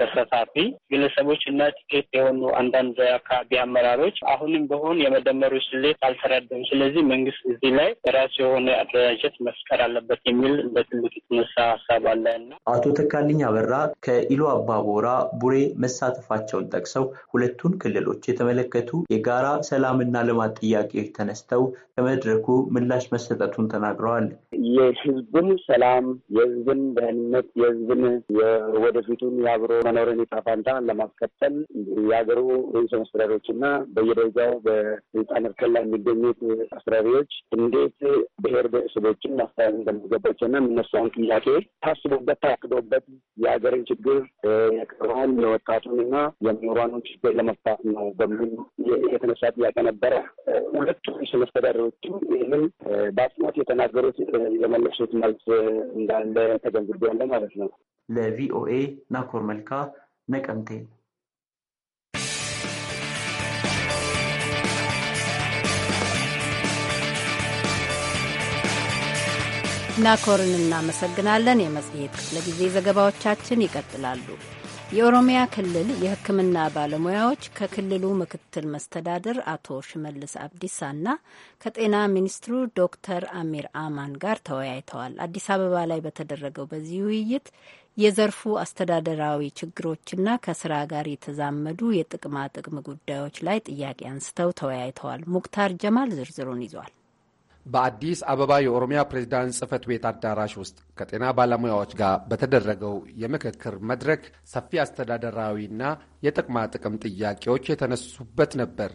ተሳታፊ ግለሰቦች እና ጥቂት የሆኑ አንዳንድ አካባቢ አመራሮች አሁንም በሆን የመደመሩ ስሌት አልተረዳም። ስለዚህ መንግስት እዚህ ላይ ራሱ የሆነ አደራጀት መፍጠር አለበት የሚል እንደ ትልቅ የተነሳ ሀሳብ አለ እና አቶ ተካልኝ አበራ ከኢሉ አባቦራ ቡሬ መሳተፋቸውን ጠቅሰው ሁለቱን ክልሎች የተመለከቱ የጋራ ሰላምና ልማት ጥያቄዎች ተነስተው ከመድረኩ ምላሽ መሰጠቱን ተናግረዋል የህዝብን ሰላም፣ የህዝብን ደህንነት፣ የህዝብን ወደፊቱን የአብሮ መኖርን የጣፋንታ ለማስቀጠል የሀገሩ ርዕሰ እና በየደረጃው በስልጣን እርከን ላይ የሚገኙት አስተዳዳሪዎች እንዴት ብሔር ብሔረሰቦችን ማስተዳደር እንደሚገባቸውና የሚነሳውን ጥያቄ ታስቦበት ታቅዶበት የሀገርን ችግር የቀረውን እና የሚሯኑን ችግር ለመፍታት ነው በሚል የተነሳ ጥያቄ ነበረ። ሁለቱ ርዕሰ መስተዳድሮችም ይህንን በአጽንኦት የተናገሩት እነዚህ በመለሱት መልስ እንዳለ ተገንዝቤያለሁ ማለት ነው። ለቪኦኤ ናኮር መልካ ነቀምቴ። ናኮርን እናመሰግናለን። የመጽሔት ክፍለ ጊዜ ዘገባዎቻችን ይቀጥላሉ። የኦሮሚያ ክልል የሕክምና ባለሙያዎች ከክልሉ ምክትል መስተዳድር አቶ ሽመልስ አብዲሳና ከጤና ሚኒስትሩ ዶክተር አሚር አማን ጋር ተወያይተዋል። አዲስ አበባ ላይ በተደረገው በዚህ ውይይት የዘርፉ አስተዳደራዊ ችግሮችና ከስራ ጋር የተዛመዱ የጥቅማ ጥቅም ጉዳዮች ላይ ጥያቄ አንስተው ተወያይተዋል። ሙክታር ጀማል ዝርዝሩን ይዟል። በአዲስ አበባ የኦሮሚያ ፕሬዝዳንት ጽህፈት ቤት አዳራሽ ውስጥ ከጤና ባለሙያዎች ጋር በተደረገው የምክክር መድረክ ሰፊ አስተዳደራዊና የጥቅማ ጥቅም ጥያቄዎች የተነሱበት ነበር።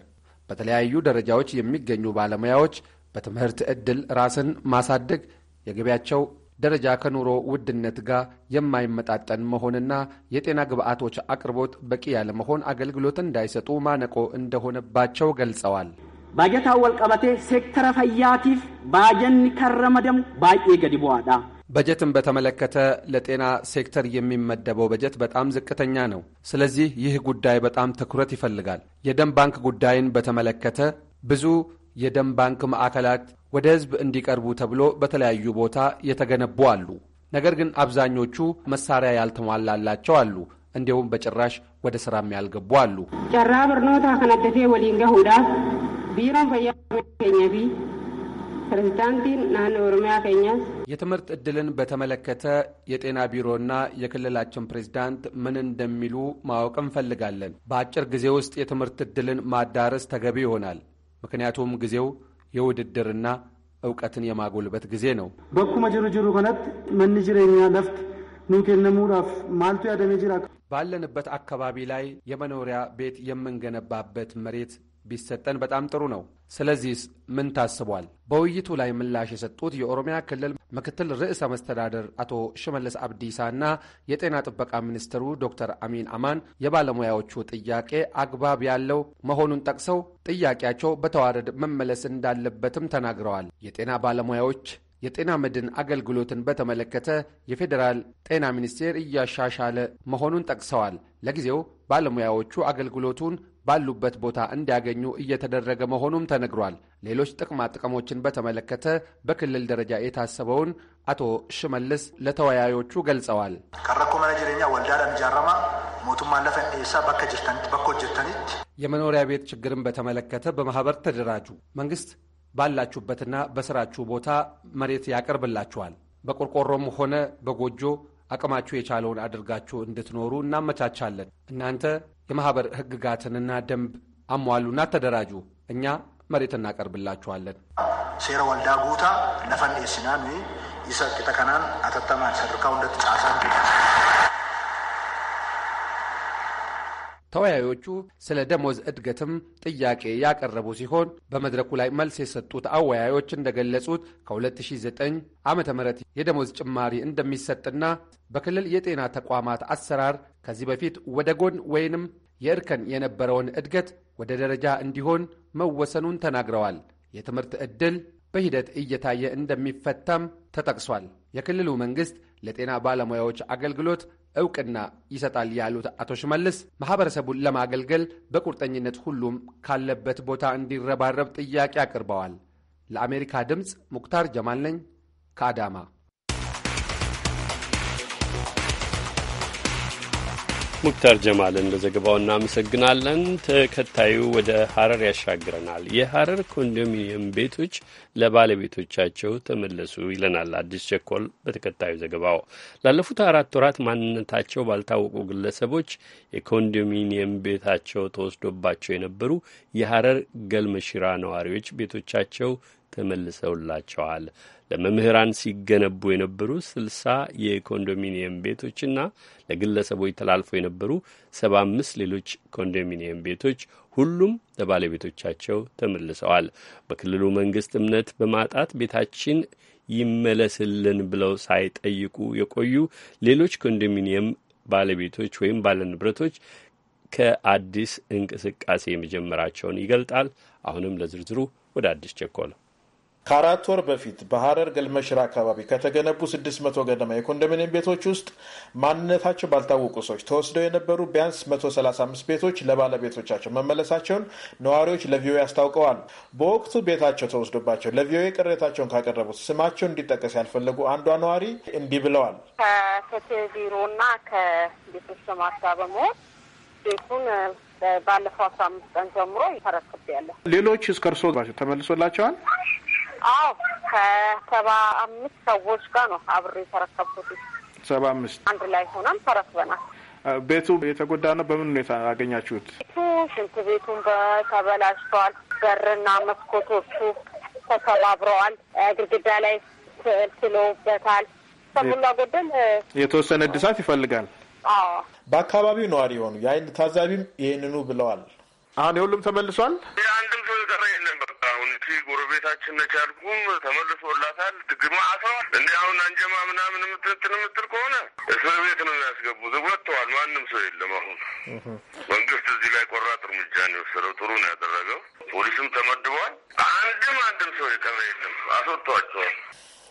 በተለያዩ ደረጃዎች የሚገኙ ባለሙያዎች በትምህርት ዕድል ራስን ማሳደግ፣ የገቢያቸው ደረጃ ከኑሮ ውድነት ጋር የማይመጣጠን መሆንና የጤና ግብዓቶች አቅርቦት በቂ ያለመሆን አገልግሎት እንዳይሰጡ ማነቆ እንደሆነባቸው ገልጸዋል። Baajataa wal qabatee seektara fayyaatiif baajanni karra madamu baay'ee gadi bu'aadha. በጀትን በተመለከተ ለጤና ሴክተር የሚመደበው በጀት በጣም ዝቅተኛ ነው። ስለዚህ ይህ ጉዳይ በጣም ትኩረት ይፈልጋል። የደም ባንክ ጉዳይን በተመለከተ ብዙ የደም ባንክ ማዕከላት ወደ ሕዝብ እንዲቀርቡ ተብሎ በተለያዩ ቦታ የተገነቡ አሉ። ነገር ግን አብዛኞቹ መሳሪያ ያልተሟላላቸው አሉ። እንዲሁም በጭራሽ ወደ ሥራም ያልገቡ አሉ። ጨራ በርኖታ ከነደፌ ወሊንገ ገሁዳፍ biiroon ፈያ keenyaa fi ፕሬዚዳንቲን ናን ኦሮሚያ ኬኛስ የትምህርት እድልን በተመለከተ የጤና ቢሮና የክልላችን ፕሬዚዳንት ምን እንደሚሉ ማወቅ እንፈልጋለን። በአጭር ጊዜ ውስጥ የትምህርት እድልን ማዳረስ ተገቢ ይሆናል። ምክንያቱም ጊዜው የውድድርና እውቀትን የማጎልበት ጊዜ ነው። በኩመ ጅሩጅሩ ከነት መንጅረኛ ለፍት ኑኬነሙራፍ ማልቱ ያደሜ ጅራ ባለንበት አካባቢ ላይ የመኖሪያ ቤት የምንገነባበት መሬት ቢሰጠን በጣም ጥሩ ነው። ስለዚህስ ምን ታስቧል? በውይይቱ ላይ ምላሽ የሰጡት የኦሮሚያ ክልል ምክትል ርዕሰ መስተዳደር አቶ ሽመለስ አብዲሳ እና የጤና ጥበቃ ሚኒስትሩ ዶክተር አሚን አማን የባለሙያዎቹ ጥያቄ አግባብ ያለው መሆኑን ጠቅሰው ጥያቄያቸው በተዋረድ መመለስ እንዳለበትም ተናግረዋል። የጤና ባለሙያዎች የጤና መድን አገልግሎትን በተመለከተ የፌዴራል ጤና ሚኒስቴር እያሻሻለ መሆኑን ጠቅሰዋል። ለጊዜው ባለሙያዎቹ አገልግሎቱን ባሉበት ቦታ እንዲያገኙ እየተደረገ መሆኑም ተነግሯል። ሌሎች ጥቅማ ጥቅሞችን በተመለከተ በክልል ደረጃ የታሰበውን አቶ ሽመልስ ለተወያዮቹ ገልጸዋል። ከረኮ ጅሬኛ ወልዳ ለምጃረማ ሞቱም አለፈ ሳ በኮ ጅርተኒት የመኖሪያ ቤት ችግርን በተመለከተ በማህበር ተደራጁ። መንግስት ባላችሁበትና በስራችሁ ቦታ መሬት ያቀርብላችኋል። በቆርቆሮም ሆነ በጎጆ አቅማችሁ የቻለውን አድርጋችሁ እንድትኖሩ እናመቻቻለን። እናንተ የማህበር ህግጋትንና ደንብ አሟሉና ተደራጁ፣ እኛ መሬት እናቀርብላችኋለን። ሴረ ወልዳ ጉታ ለፈን ስናን ይሰቅ ተከናን አተተማ ሰድርካ ተወያዮቹ ስለ ደሞዝ እድገትም ጥያቄ ያቀረቡ ሲሆን በመድረኩ ላይ መልስ የሰጡት አወያዮች እንደገለጹት ከ2009 ዓ ም የደሞዝ ጭማሪ እንደሚሰጥና በክልል የጤና ተቋማት አሰራር ከዚህ በፊት ወደ ጎን ወይንም የእርከን የነበረውን እድገት ወደ ደረጃ እንዲሆን መወሰኑን ተናግረዋል። የትምህርት ዕድል በሂደት እየታየ እንደሚፈታም ተጠቅሷል። የክልሉ መንግሥት ለጤና ባለሙያዎች አገልግሎት እውቅና ይሰጣል ያሉት አቶ ሽመልስ ማኅበረሰቡን ለማገልገል በቁርጠኝነት ሁሉም ካለበት ቦታ እንዲረባረብ ጥያቄ አቅርበዋል። ለአሜሪካ ድምፅ ሙክታር ጀማል ነኝ ከአዳማ። ሙክታር ጀማልን ለዘገባው እናመሰግናለን። ተከታዩ ወደ ሀረር ያሻግረናል። የሀረር ኮንዶሚኒየም ቤቶች ለባለቤቶቻቸው ተመለሱ ይለናል አዲስ ቸኮል በተከታዩ ዘገባው። ላለፉት አራት ወራት ማንነታቸው ባልታወቁ ግለሰቦች የኮንዶሚኒየም ቤታቸው ተወስዶባቸው የነበሩ የሀረር ገልመሽራ ነዋሪዎች ቤቶቻቸው ተመልሰውላቸዋል። ለመምህራን ሲገነቡ የነበሩ ስልሳ የኮንዶሚኒየም ቤቶችና ለግለሰቦች ተላልፈው የነበሩ ሰባ አምስት ሌሎች ኮንዶሚኒየም ቤቶች ሁሉም ለባለቤቶቻቸው ተመልሰዋል። በክልሉ መንግስት እምነት በማጣት ቤታችን ይመለስልን ብለው ሳይጠይቁ የቆዩ ሌሎች ኮንዶሚኒየም ባለቤቶች ወይም ባለንብረቶች ከአዲስ እንቅስቃሴ መጀመራቸውን ይገልጣል። አሁንም ለዝርዝሩ ወደ አዲስ ቸኮል ከአራት ወር በፊት በሀረር ገልመሽራ አካባቢ ከተገነቡ ስድስት ገደማ የኮንዶሚኒየም ቤቶች ውስጥ ማንነታቸው ባልታወቁ ሰዎች ተወስደው የነበሩ ቢያንስ 135 ቤቶች ለባለቤቶቻቸው መመለሳቸውን ነዋሪዎች ለቪኦኤ አስታውቀዋል። በወቅቱ ቤታቸው ተወስዶባቸው ለቪኦኤ ቅሬታቸውን ካቀረቡት ስማቸው እንዲጠቀስ ያልፈለጉ አንዷ ነዋሪ እንዲህ ብለዋል። ከፍትህ ቢሮና ከቤቶች ማሳ በመሆን ቤቱን ባለፈው አስራ አምስት ቀን ጀምሮ ተረክቤያለሁ። ሌሎች እስከ እርሶ ተመልሶላቸዋል? አዎ ከሰባ አምስት ሰዎች ጋር ነው አብሬ የተረከብኩት። ሰባ አምስት አንድ ላይ ሆነን ተረክበናል። ቤቱ የተጎዳ ነው። በምን ሁኔታ አገኛችሁት? ቤቱ ሽንት ቤቱን በተበላሽቷል። በርና መስኮቶቹ ተሰባብረዋል። ግድግዳ ላይ ስዕል ስለውበታል። ከሞላ ጎደል የተወሰነ እድሳት ይፈልጋል። በአካባቢው ነዋሪ የሆኑ የአይን ታዛቢም ይህንኑ ብለዋል። አሁን የሁሉም ተመልሷል። አንድም ሰው የቀረ የለም። በቃ እ ጎረቤታችን ነች ያልኩም ተመልሶላታል። ድግማ አስረዋል። እንዲ አሁን አንጀማ ምናምን ምትንትን ምትል ከሆነ እስር ቤት ነው የሚያስገቡት። ወጥተዋል። ማንም ሰው የለም። አሁን መንግስት እዚህ ላይ ቆራጥ እርምጃ ነው የወሰደው። ጥሩ ነው ያደረገው። ፖሊስም ተመድቧል። አንድም አንድም ሰው የቀረ የለም። አስወጥተዋቸዋል።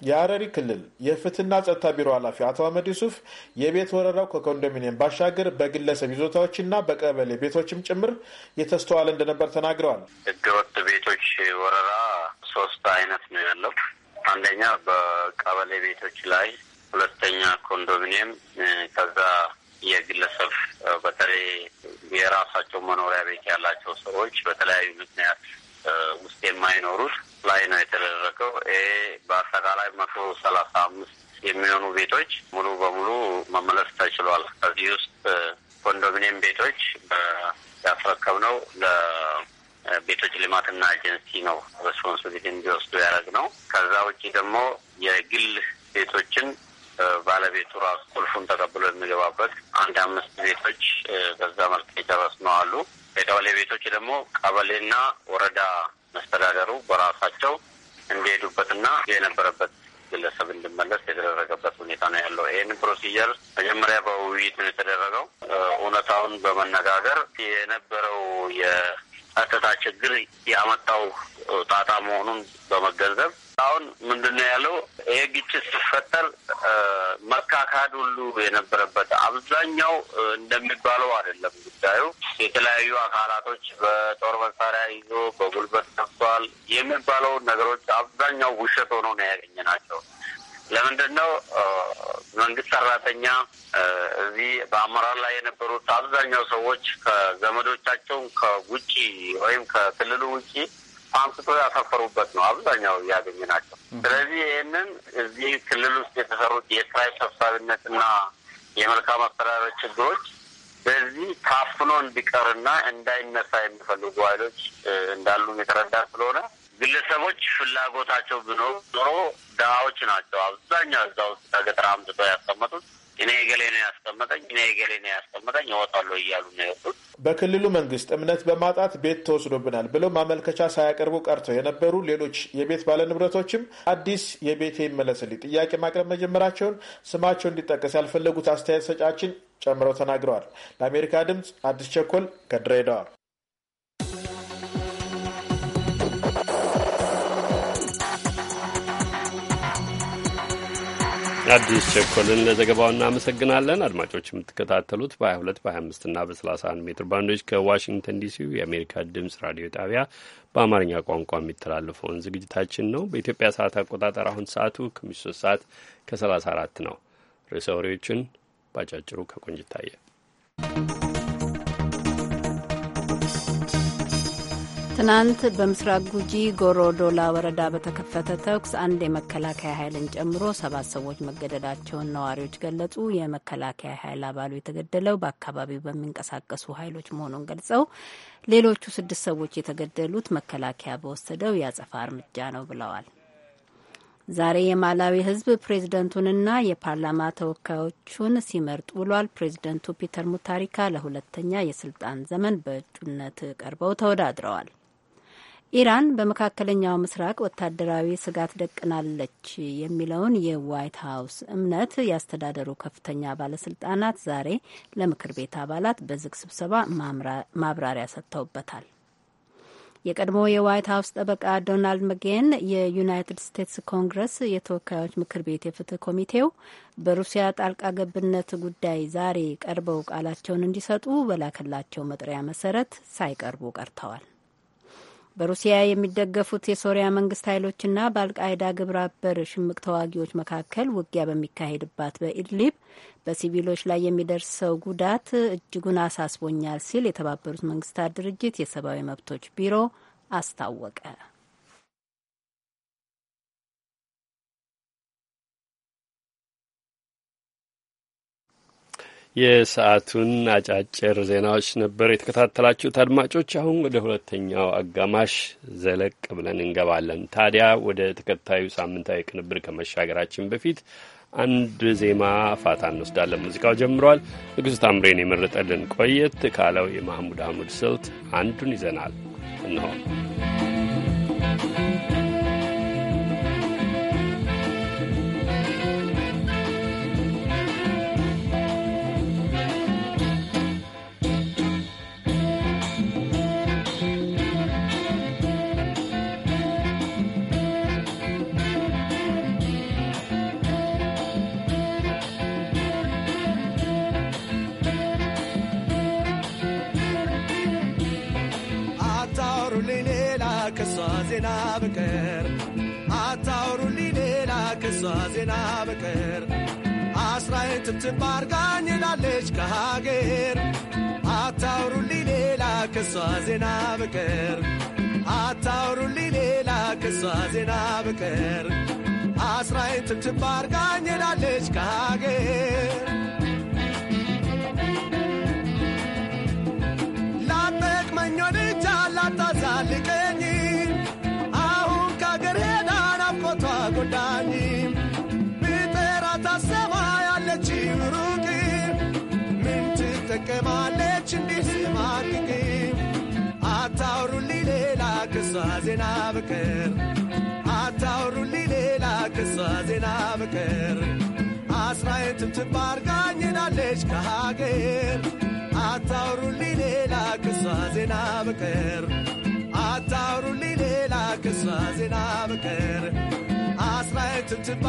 የአረሪ ክልል የፍትህና ጸጥታ ቢሮ ኃላፊ አቶ አህመድ ዩሱፍ የቤት ወረራው ከኮንዶሚኒየም ባሻገር በግለሰብ ይዞታዎችና በቀበሌ ቤቶችም ጭምር የተስተዋለ እንደነበር ተናግረዋል። ህገወጥ ቤቶች ወረራ ሶስት አይነት ነው ያለው። አንደኛ በቀበሌ ቤቶች ላይ፣ ሁለተኛ ኮንዶሚኒየም፣ ከዛ የግለሰብ በተለይ የራሳቸው መኖሪያ ቤት ያላቸው ሰዎች በተለያዩ ምክንያት ውስጥ የማይኖሩት ላይ ነው የተደረገው። ይሄ በአጠቃላይ መቶ ሰላሳ አምስት የሚሆኑ ቤቶች ሙሉ በሙሉ መመለስ ተችሏል። ከዚህ ውስጥ ኮንዶሚኒየም ቤቶች ያስረከብነው ለቤቶች ልማትና ኤጀንሲ ነው ሬስፖንሲቢሊቲ እንዲወስዱ ያደረግ ነው። ከዛ ውጭ ደግሞ የግል ቤቶችን ባለቤቱ ራሱ ቁልፉን ተቀብሎ የሚገባበት አንድ አምስት ቤቶች በዛ መልክ የጨረስነው አሉ። የቀበሌ ቤቶች ደግሞ ቀበሌና ወረዳ መስተዳደሩ በራሳቸው እንዲሄዱበትና የነበረበት ግለሰብ እንዲመለስ የተደረገበት ሁኔታ ነው ያለው። ይህን ፕሮሲጀር መጀመሪያ በውይይት ነው የተደረገው። እውነታውን በመነጋገር የነበረው የጸጥታ ችግር ያመጣው ጣጣ መሆኑን በመገንዘብ አሁን ምንድነው ያለው ይሄ ግጭት ሲፈጠር መካካድ ሁሉ የነበረበት አብዛኛው እንደሚባለው አይደለም ጉዳዩ። የተለያዩ አካላቶች በጦር መሳሪያ ይዞ በጉልበት ገብቷል የሚባለው ነገሮች አብዛኛው ውሸት ሆኖ ነው ያገኘ ናቸው። ለምንድን ነው መንግስት ሰራተኛ እዚህ በአመራር ላይ የነበሩት አብዛኛው ሰዎች ከዘመዶቻቸው ከውጭ ወይም ከክልሉ ውጭ አምስቶ ያሰፈሩበት ነው አብዛኛው ያገኘ ናቸው። ስለዚህ ይህንን እዚህ ክልል ውስጥ የተሰሩት የኪራይ ሰብሳቢነትና የመልካም አስተዳደር ችግሮች በዚህ ታፍኖ እንዲቀርና እንዳይነሳ የሚፈልጉ ኃይሎች እንዳሉ የተረዳ ስለሆነ ግለሰቦች ፍላጎታቸው ብኖ ኖሮ ድሀዎች ናቸው አብዛኛው እዛ ውስጥ ከገጠር አምጥቶ ያስቀመጡት እኔ የገሌ ነው ያስቀመጠኝ፣ እኔ የገሌ ነው ያስቀመጠኝ እወጣለሁ እያሉ ነው የወጡት። በክልሉ መንግስት እምነት በማጣት ቤት ተወስዶብናል ብለው ማመልከቻ ሳያቀርቡ ቀርተው የነበሩ ሌሎች የቤት ባለንብረቶችም አዲስ የቤቴ ይመለስልኝ ጥያቄ ማቅረብ መጀመራቸውን ስማቸው እንዲጠቀስ ያልፈለጉት አስተያየት ሰጫችን ጨምረው ተናግረዋል። ለአሜሪካ ድምፅ አዲስ ቸኮል ከድሬዳዋ አዲስ ቸኮልን ለዘገባው እናመሰግናለን። አድማጮች የምትከታተሉት በ22 በ25 እና በ31 ሜትር ባንዶች ከዋሽንግተን ዲሲ የአሜሪካ ድምፅ ራዲዮ ጣቢያ በአማርኛ ቋንቋ የሚተላለፈውን ዝግጅታችን ነው። በኢትዮጵያ ሰዓት አቆጣጠር አሁን ሰዓቱ ከምሽቱ 3 ሰዓት ከ34 ነው። ርዕሰ ወሬዎችን ባጫጭሩ ከቆንጅታየ ትናንት በምስራቅ ጉጂ ጎሮዶላ ወረዳ በተከፈተ ተኩስ አንድ የመከላከያ ኃይልን ጨምሮ ሰባት ሰዎች መገደላቸውን ነዋሪዎች ገለጹ። የመከላከያ ኃይል አባሉ የተገደለው በአካባቢው በሚንቀሳቀሱ ኃይሎች መሆኑን ገልጸው ሌሎቹ ስድስት ሰዎች የተገደሉት መከላከያ በወሰደው የአጸፋ እርምጃ ነው ብለዋል። ዛሬ የማላዊ ህዝብ ፕሬዝደንቱንና የፓርላማ ተወካዮቹን ሲመርጥ ውሏል። ፕሬዝደንቱ ፒተር ሙታሪካ ለሁለተኛ የስልጣን ዘመን በእጩነት ቀርበው ተወዳድረዋል። ኢራን በመካከለኛው ምስራቅ ወታደራዊ ስጋት ደቅናለች የሚለውን የዋይት ሀውስ እምነት ያስተዳደሩ ከፍተኛ ባለስልጣናት ዛሬ ለምክር ቤት አባላት በዝግ ስብሰባ ማብራሪያ ሰጥተውበታል። የቀድሞ የዋይት ሀውስ ጠበቃ ዶናልድ መጌን የዩናይትድ ስቴትስ ኮንግረስ የተወካዮች ምክር ቤት የፍትህ ኮሚቴው በሩሲያ ጣልቃ ገብነት ጉዳይ ዛሬ ቀርበው ቃላቸውን እንዲሰጡ በላከላቸው መጥሪያ መሰረት ሳይቀርቡ ቀርተዋል። በሩሲያ የሚደገፉት የሶሪያ መንግስት ኃይሎችና በአልቃይዳ ግብረ አበር ሽምቅ ተዋጊዎች መካከል ውጊያ በሚካሄድባት በኢድሊብ በሲቪሎች ላይ የሚደርሰው ጉዳት እጅጉን አሳስቦኛል ሲል የተባበሩት መንግስታት ድርጅት የሰብአዊ መብቶች ቢሮ አስታወቀ። የሰዓቱን አጫጭር ዜናዎች ነበር የተከታተላችሁት አድማጮች። አሁን ወደ ሁለተኛው አጋማሽ ዘለቅ ብለን እንገባለን። ታዲያ ወደ ተከታዩ ሳምንታዊ ቅንብር ከመሻገራችን በፊት አንድ ዜማ ፋታ እንወስዳለን። ሙዚቃው ጀምረዋል። ንጉሥ ታምሬን የመረጠልን ቆየት ካለው የማህሙድ አህሙድ ስልት አንዱን ይዘናል። እንሆን ዜና በቀር አስራዬን ትብትብ አርጋኝ ላለች ከሀገር አታውሩልኝ ሌላ ከሷ ዜና በቀር አታውሩልኝ ሌላ ከሷ ዜና በቀር አስራዬን ትብትብ አርጋኝ ላለች ከሀገር ሰዎች እንዴት አታውሩልኝ ሌላ ክሷ ዜና በቀር አታውሩልኝ ሌላ ክሷ ዜና በቀር አስራዬን ትብትብ አድርጋኝ ሄዳለች ከሀገር አታውሩልኝ ሌላ ክሷ ዜና በቀር አታውሩልኝ ሌላ ክሷ ዜና አስራዬን ትብትብ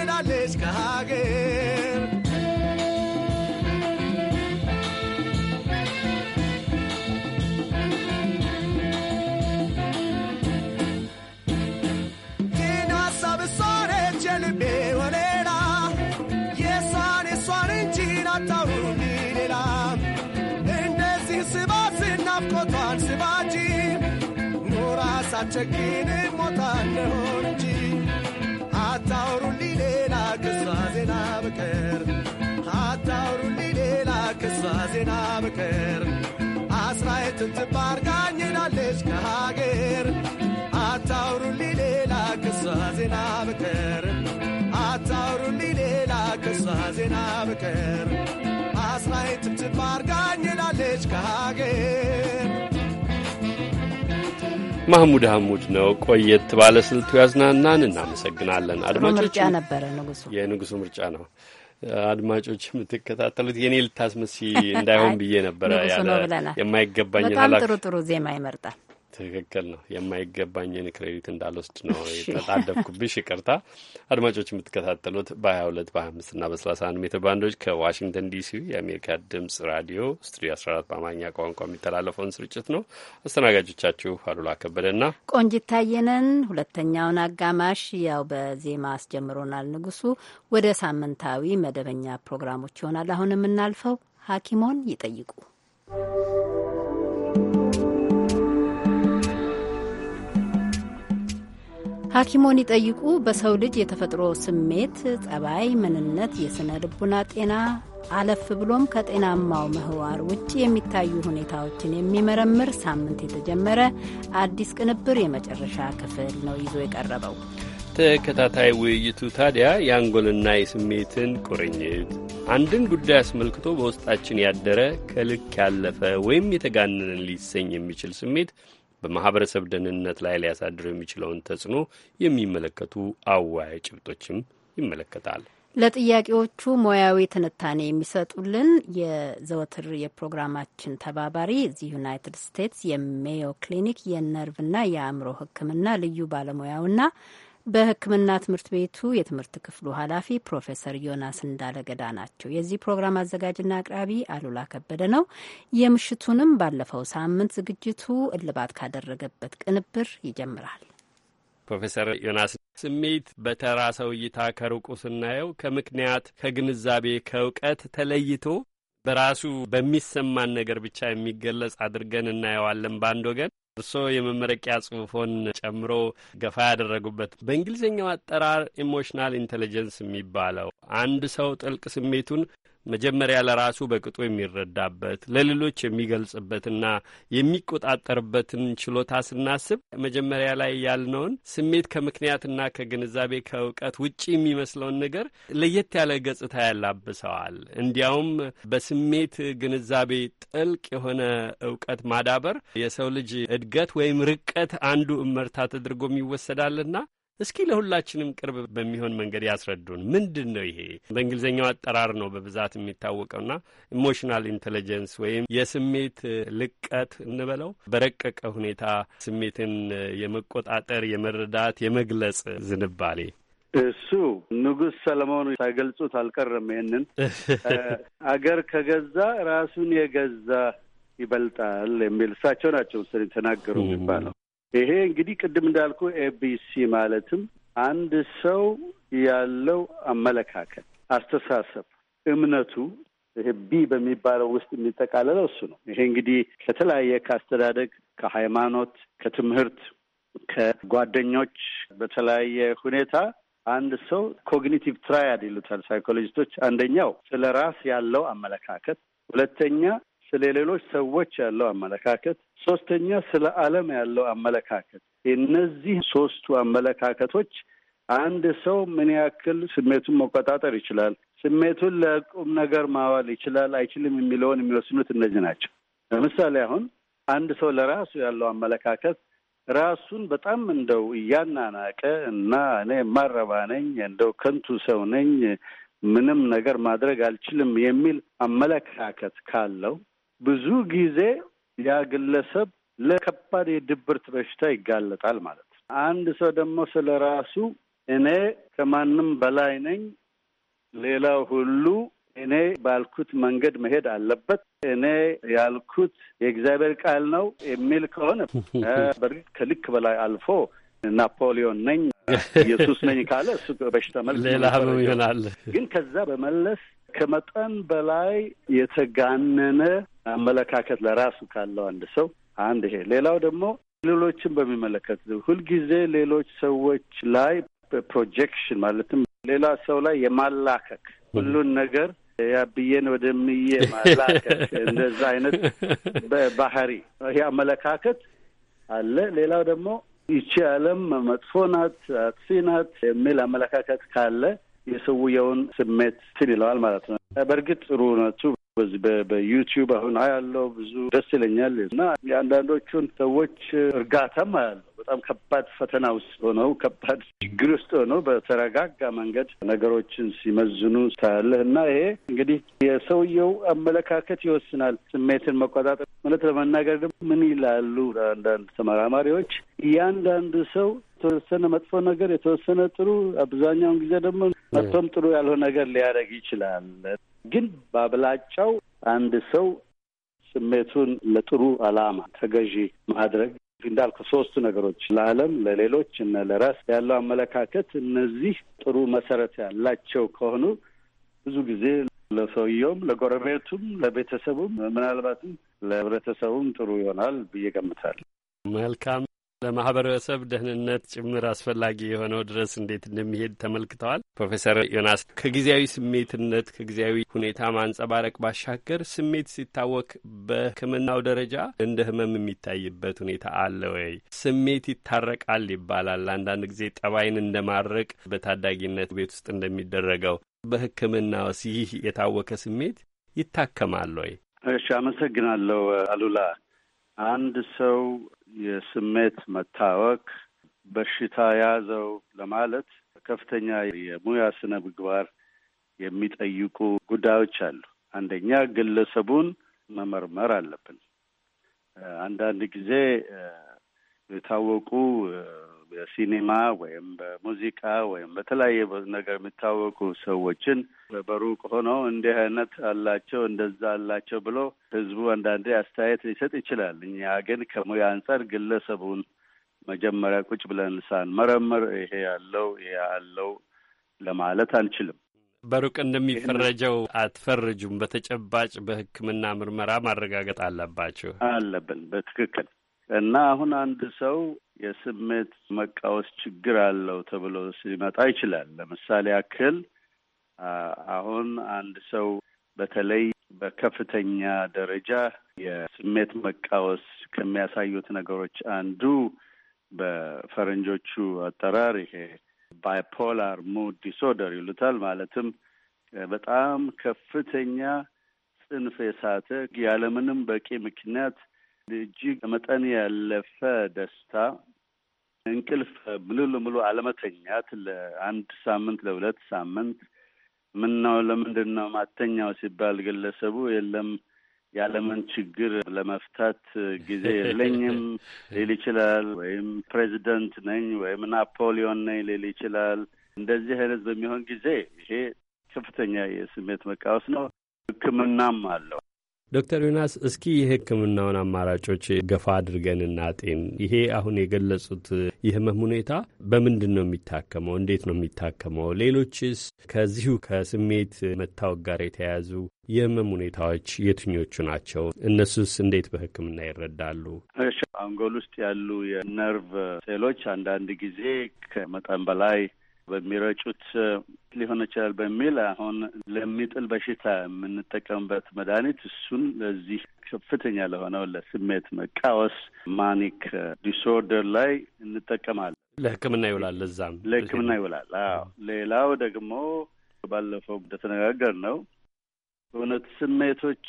ሄዳለች ከሀገር አልስባጂ ኑራ ሳቸግን ሞታለሁ እንጂ አታውሩልኝ ሌላ ከሷ ዜና በቀር አታውሩልኝ ሌላ ከሷ ዜና በቀር አስራየት ትባርጋኝ ላለች ከሀገር አታውሩልኝ ሌላ ከሷ ዜና በቀር አታውሩልኝ ሌላ ከሷ ዜና በቀር አስራየት ትባርጋኝ ላለች ከሀገር ማህሙድ ሐሙድ ነው ቆየት ባለ ስልቱ ያዝናናን። እናመሰግናለን አድማጮች። ነበረ ንጉሱ የንጉሱ ምርጫ ነው። አድማጮች የምትከታተሉት የኔ ልታስመሲ እንዳይሆን ብዬ ነበረ። ያለ የማይገባኝ ጥሩ ጥሩ ዜማ ይመርጣል። ትክክል ነው። የማይገባኝን ክሬዲት እንዳልወስድ ነው የተጣደፍኩብሽ። ይቅርታ አድማጮች፣ የምትከታተሉት በ22 በ25ና በ31 ሜትር ባንዶች ከዋሽንግተን ዲሲ የአሜሪካ ድምጽ ራዲዮ ስቱዲዮ 14 በአማርኛ ቋንቋ የሚተላለፈውን ስርጭት ነው። አስተናጋጆቻችሁ አሉላ ከበደና ቆንጂት ታየነን። ሁለተኛውን አጋማሽ ያው በዜማ አስጀምሮናል ንጉሱ። ወደ ሳምንታዊ መደበኛ ፕሮግራሞች ይሆናል አሁን የምናልፈው ሐኪሞን ይጠይቁ ሐኪሞን ይጠይቁ በሰው ልጅ የተፈጥሮ ስሜት፣ ጸባይ፣ ምንነት፣ የሥነ ልቡና ጤና አለፍ ብሎም ከጤናማው ምህዋር ውጭ የሚታዩ ሁኔታዎችን የሚመረምር ሳምንት የተጀመረ አዲስ ቅንብር የመጨረሻ ክፍል ነው ይዞ የቀረበው። ተከታታይ ውይይቱ ታዲያ የአንጎልና የስሜትን ቁርኝት አንድን ጉዳይ አስመልክቶ በውስጣችን ያደረ ከልክ ያለፈ ወይም የተጋነነን ሊሰኝ የሚችል ስሜት በማህበረሰብ ደህንነት ላይ ሊያሳድሩ የሚችለውን ተጽዕኖ የሚመለከቱ አወያይ ጭብጦችም ይመለከታል። ለጥያቄዎቹ ሙያዊ ትንታኔ የሚሰጡልን የዘወትር የፕሮግራማችን ተባባሪ እዚህ ዩናይትድ ስቴትስ የሜዮ ክሊኒክ የነርቭና የአእምሮ ሕክምና ልዩ ባለሙያውና በሕክምና ትምህርት ቤቱ የትምህርት ክፍሉ ኃላፊ ፕሮፌሰር ዮናስ እንዳለገዳ ናቸው። የዚህ ፕሮግራም አዘጋጅና አቅራቢ አሉላ ከበደ ነው። የምሽቱንም ባለፈው ሳምንት ዝግጅቱ እልባት ካደረገበት ቅንብር ይጀምራል። ፕሮፌሰር ዮናስ ስሜት በተራ ሰው እይታ ከሩቁ ስናየው ከምክንያት ከግንዛቤ ከእውቀት ተለይቶ በራሱ በሚሰማን ነገር ብቻ የሚገለጽ አድርገን እናየዋለን። በአንድ ወገን እርስዎ የመመረቂያ ጽሁፎን ጨምሮ ገፋ ያደረጉበት በእንግሊዝኛው አጠራር ኢሞሽናል ኢንቴሊጀንስ የሚባለው አንድ ሰው ጥልቅ ስሜቱን መጀመሪያ ለራሱ በቅጡ የሚረዳበት ለሌሎች የሚገልጽበትና የሚቆጣጠርበትን ችሎታ ስናስብ መጀመሪያ ላይ ያልነውን ስሜት ከምክንያትና ከግንዛቤ ከእውቀት ውጪ የሚመስለውን ነገር ለየት ያለ ገጽታ ያላብሰዋል። እንዲያውም በስሜት ግንዛቤ ጥልቅ የሆነ እውቀት ማዳበር የሰው ልጅ እድገት ወይም ርቀት አንዱ እመርታ ተደርጎም ይወሰዳልና እስኪ ለሁላችንም ቅርብ በሚሆን መንገድ ያስረዱን። ምንድን ነው ይሄ? በእንግሊዝኛው አጠራር ነው በብዛት የሚታወቀውና ኢሞሽናል ኢንቴሊጀንስ ወይም የስሜት ልቀት እንበለው። በረቀቀ ሁኔታ ስሜትን የመቆጣጠር የመረዳት፣ የመግለጽ ዝንባሌ እሱ ንጉሥ ሰለሞን ሳይገልጹት አልቀረም። ይሄንን አገር ከገዛ ራሱን የገዛ ይበልጣል የሚል እሳቸው ናቸው ስር የተናገሩ የሚባለው ይሄ እንግዲህ ቅድም እንዳልኩ ኤቢሲ ማለትም አንድ ሰው ያለው አመለካከት፣ አስተሳሰብ፣ እምነቱ ይሄ ቢ በሚባለው ውስጥ የሚጠቃለለው እሱ ነው። ይሄ እንግዲህ ከተለያየ ከአስተዳደግ፣ ከሃይማኖት፣ ከትምህርት፣ ከጓደኞች በተለያየ ሁኔታ አንድ ሰው ኮግኒቲቭ ትራያድ ይሉታል ሳይኮሎጂስቶች። አንደኛው ስለ ራስ ያለው አመለካከት፣ ሁለተኛ ስለ ሌሎች ሰዎች ያለው አመለካከት፣ ሶስተኛ ስለ ዓለም ያለው አመለካከት። እነዚህ ሶስቱ አመለካከቶች አንድ ሰው ምን ያክል ስሜቱን መቆጣጠር ይችላል፣ ስሜቱን ለቁም ነገር ማዋል ይችላል አይችልም የሚለውን የሚወስኑት እነዚህ ናቸው። ለምሳሌ አሁን አንድ ሰው ለራሱ ያለው አመለካከት ራሱን በጣም እንደው እያናናቀ እና እኔ ማረባ ነኝ፣ እንደው ከንቱ ሰው ነኝ፣ ምንም ነገር ማድረግ አልችልም የሚል አመለካከት ካለው ብዙ ጊዜ ያ ግለሰብ ለከባድ የድብርት በሽታ ይጋለጣል ማለት ነው። አንድ ሰው ደግሞ ስለ ራሱ እኔ ከማንም በላይ ነኝ፣ ሌላው ሁሉ እኔ ባልኩት መንገድ መሄድ አለበት፣ እኔ ያልኩት የእግዚአብሔር ቃል ነው የሚል ከሆነ በእርግጥ ከልክ በላይ አልፎ ናፖሊዮን ነኝ ኢየሱስ ነኝ ካለ እሱ በሽታ መልክ ሌላ ይሆናል። ግን ከዛ በመለስ ከመጠን በላይ የተጋነነ አመለካከት ለራሱ ካለው አንድ ሰው አንድ ይሄ ሌላው ደግሞ ሌሎችን በሚመለከት ሁልጊዜ ሌሎች ሰዎች ላይ ፕሮጀክሽን ማለትም ሌላ ሰው ላይ የማላከክ ሁሉን ነገር ያብዬን ወደምዬ ማላከክ እንደዛ አይነት ባህሪ ይሄ አመለካከት አለ። ሌላው ደግሞ ይቺ ዓለም መጥፎ ናት፣ አጥፊ ናት የሚል አመለካከት ካለ የሰውየውን ስሜት ስል ይለዋል ማለት ነው። በእርግጥ ጥሩ ነቱ በዚህ በዩቲዩብ አሁን አያለው ብዙ ደስ ይለኛል እና የአንዳንዶቹን ሰዎች እርጋታም አያለው። በጣም ከባድ ፈተና ውስጥ ሆነው ከባድ ችግር ውስጥ ሆነው በተረጋጋ መንገድ ነገሮችን ሲመዝኑ ታያለህ እና ይሄ እንግዲህ የሰውየው አመለካከት ይወስናል ስሜትን መቆጣጠር። እውነት ለመናገር ደግሞ ምን ይላሉ አንዳንድ ተመራማሪዎች እያንዳንዱ ሰው የተወሰነ መጥፎ ነገር፣ የተወሰነ ጥሩ፣ አብዛኛውን ጊዜ ደግሞ መጥቶም ጥሩ ያልሆነ ነገር ሊያደርግ ይችላል። ግን በአብላጫው አንድ ሰው ስሜቱን ለጥሩ ዓላማ ተገዢ ማድረግ እንዳልኩ ሶስቱ ነገሮች ለዓለም፣ ለሌሎች እና ለራስ ያለው አመለካከት እነዚህ ጥሩ መሰረት ያላቸው ከሆኑ ብዙ ጊዜ ለሰውየውም፣ ለጎረቤቱም፣ ለቤተሰቡም ምናልባትም ለህብረተሰቡም ጥሩ ይሆናል ብዬ ገምታለሁ። መልካም ለማህበረሰብ ደህንነት ጭምር አስፈላጊ የሆነው ድረስ እንዴት እንደሚሄድ ተመልክተዋል። ፕሮፌሰር ዮናስ ከጊዜያዊ ስሜትነት ከጊዜያዊ ሁኔታ ማንጸባረቅ ባሻገር ስሜት ሲታወክ በሕክምናው ደረጃ እንደ ህመም የሚታይበት ሁኔታ አለ ወይ? ስሜት ይታረቃል ይባላል። አንዳንድ ጊዜ ጠባይን እንደማረቅ በታዳጊነት ቤት ውስጥ እንደሚደረገው በሕክምና ይህ የታወከ ስሜት ይታከማል ወይ? እሺ፣ አመሰግናለሁ አሉላ። አንድ ሰው የስሜት መታወክ በሽታ ያዘው ለማለት ከፍተኛ የሙያ ስነ ምግባር የሚጠይቁ ጉዳዮች አሉ። አንደኛ ግለሰቡን መመርመር አለብን። አንዳንድ ጊዜ የታወቁ በሲኔማ ወይም በሙዚቃ ወይም በተለያየ ነገር የሚታወቁ ሰዎችን በሩቅ ሆነው እንዲህ አይነት አላቸው እንደዛ አላቸው ብሎ ህዝቡ አንዳንዴ አስተያየት ሊሰጥ ይችላል። እኛ ግን ከሙያ አንጻር ግለሰቡን መጀመሪያ ቁጭ ብለን ሳንመረምር ይሄ ያለው ይሄ ያለው ለማለት አንችልም። በሩቅ እንደሚፈረጀው አትፈርጁም። በተጨባጭ በሕክምና ምርመራ ማረጋገጥ አለባችሁ አለብን። በትክክል እና አሁን አንድ ሰው የስሜት መቃወስ ችግር አለው ተብሎ ሊመጣ ይችላል። ለምሳሌ ያክል አሁን አንድ ሰው በተለይ በከፍተኛ ደረጃ የስሜት መቃወስ ከሚያሳዩት ነገሮች አንዱ በፈረንጆቹ አጠራር ይሄ ባይፖላር ሙድ ዲስኦርደር ይሉታል። ማለትም በጣም ከፍተኛ ጽንፍ የሳተ ያለምንም በቂ ምክንያት እጅግ መጠን ያለፈ ደስታ እንቅልፍ ሙሉ ለሙሉ አለመተኛት ለአንድ ሳምንት ለሁለት ሳምንት ምናው ለምንድን ነው ማተኛው ሲባል ግለሰቡ የለም የዓለምን ችግር ለመፍታት ጊዜ የለኝም ሊል ይችላል። ወይም ፕሬዚደንት ነኝ ወይም ናፖሊዮን ነኝ ሊል ይችላል። እንደዚህ አይነት በሚሆን ጊዜ ይሄ ከፍተኛ የስሜት መቃወስ ነው። ሕክምናም አለው። ዶክተር ዮናስ እስኪ የሕክምናውን አማራጮች ገፋ አድርገን እናጤን። ይሄ አሁን የገለጹት የህመም ሁኔታ በምንድን ነው የሚታከመው? እንዴት ነው የሚታከመው? ሌሎችስ ከዚሁ ከስሜት መታወቅ ጋር የተያያዙ የህመም ሁኔታዎች የትኞቹ ናቸው? እነሱስ እንዴት በሕክምና ይረዳሉ? አንጎል ውስጥ ያሉ የነርቭ ሴሎች አንዳንድ ጊዜ ከመጠን በላይ በሚረጩት ሊሆን ይችላል በሚል አሁን ለሚጥል በሽታ የምንጠቀምበት መድኃኒት እሱን ለዚህ ከፍተኛ ለሆነው ለስሜት መቃወስ ማኒክ ዲስኦርደር ላይ እንጠቀማለን። ለሕክምና ይውላል። ለዛም ለሕክምና ይውላል። አዎ። ሌላው ደግሞ ባለፈው እንደተነጋገር ነው እውነት ስሜቶች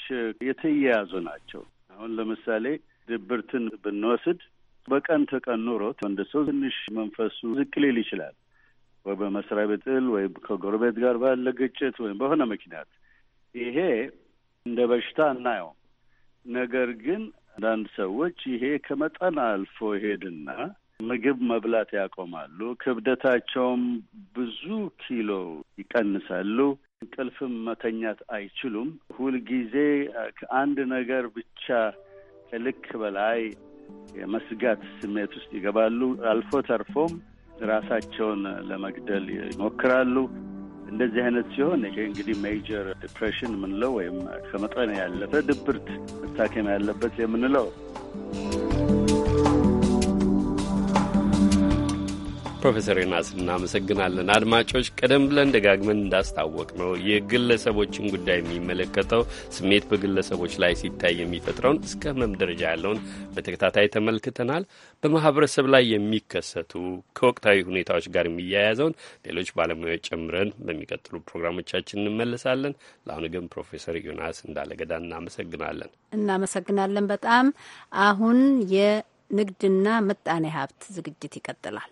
የተያያዙ ናቸው። አሁን ለምሳሌ ድብርትን ብንወስድ በቀን ተቀን ኑሮት አንድ ሰው ትንሽ መንፈሱ ዝቅ ሊል ይችላል። ወይ በመስሪያ ቤት ጥል ወይ ከጎረቤት ጋር ባለ ግጭት ወይም በሆነ ምክንያት ይሄ እንደ በሽታ እናየው። ነገር ግን አንዳንድ ሰዎች ይሄ ከመጠን አልፎ ሄድና ምግብ መብላት ያቆማሉ። ክብደታቸውም ብዙ ኪሎ ይቀንሳሉ። እንቅልፍም መተኛት አይችሉም። ሁልጊዜ ከአንድ ነገር ብቻ ከልክ በላይ የመስጋት ስሜት ውስጥ ይገባሉ። አልፎ ተርፎም ራሳቸውን ለመግደል ይሞክራሉ። እንደዚህ አይነት ሲሆን ይሄ እንግዲህ ሜጀር ዲፕሬሽን የምንለው ወይም ከመጠን ያለፈ ድብርት መታከም ያለበት የምንለው ፕሮፌሰር ዮናስ እናመሰግናለን። አድማጮች፣ ቀደም ብለን ደጋግመን እንዳስታወቅ ነው የግለሰቦችን ጉዳይ የሚመለከተው ስሜት በግለሰቦች ላይ ሲታይ የሚፈጥረውን እስከ ህመም ደረጃ ያለውን በተከታታይ ተመልክተናል። በማህበረሰብ ላይ የሚከሰቱ ከወቅታዊ ሁኔታዎች ጋር የሚያያዘውን ሌሎች ባለሙያዎች ጨምረን በሚቀጥሉ ፕሮግራሞቻችን እንመለሳለን። ለአሁኑ ግን ፕሮፌሰር ዮናስ እንዳለገዳ እናመሰግናለን። እናመሰግናለን በጣም አሁን የንግድና ምጣኔ ሀብት ዝግጅት ይቀጥላል።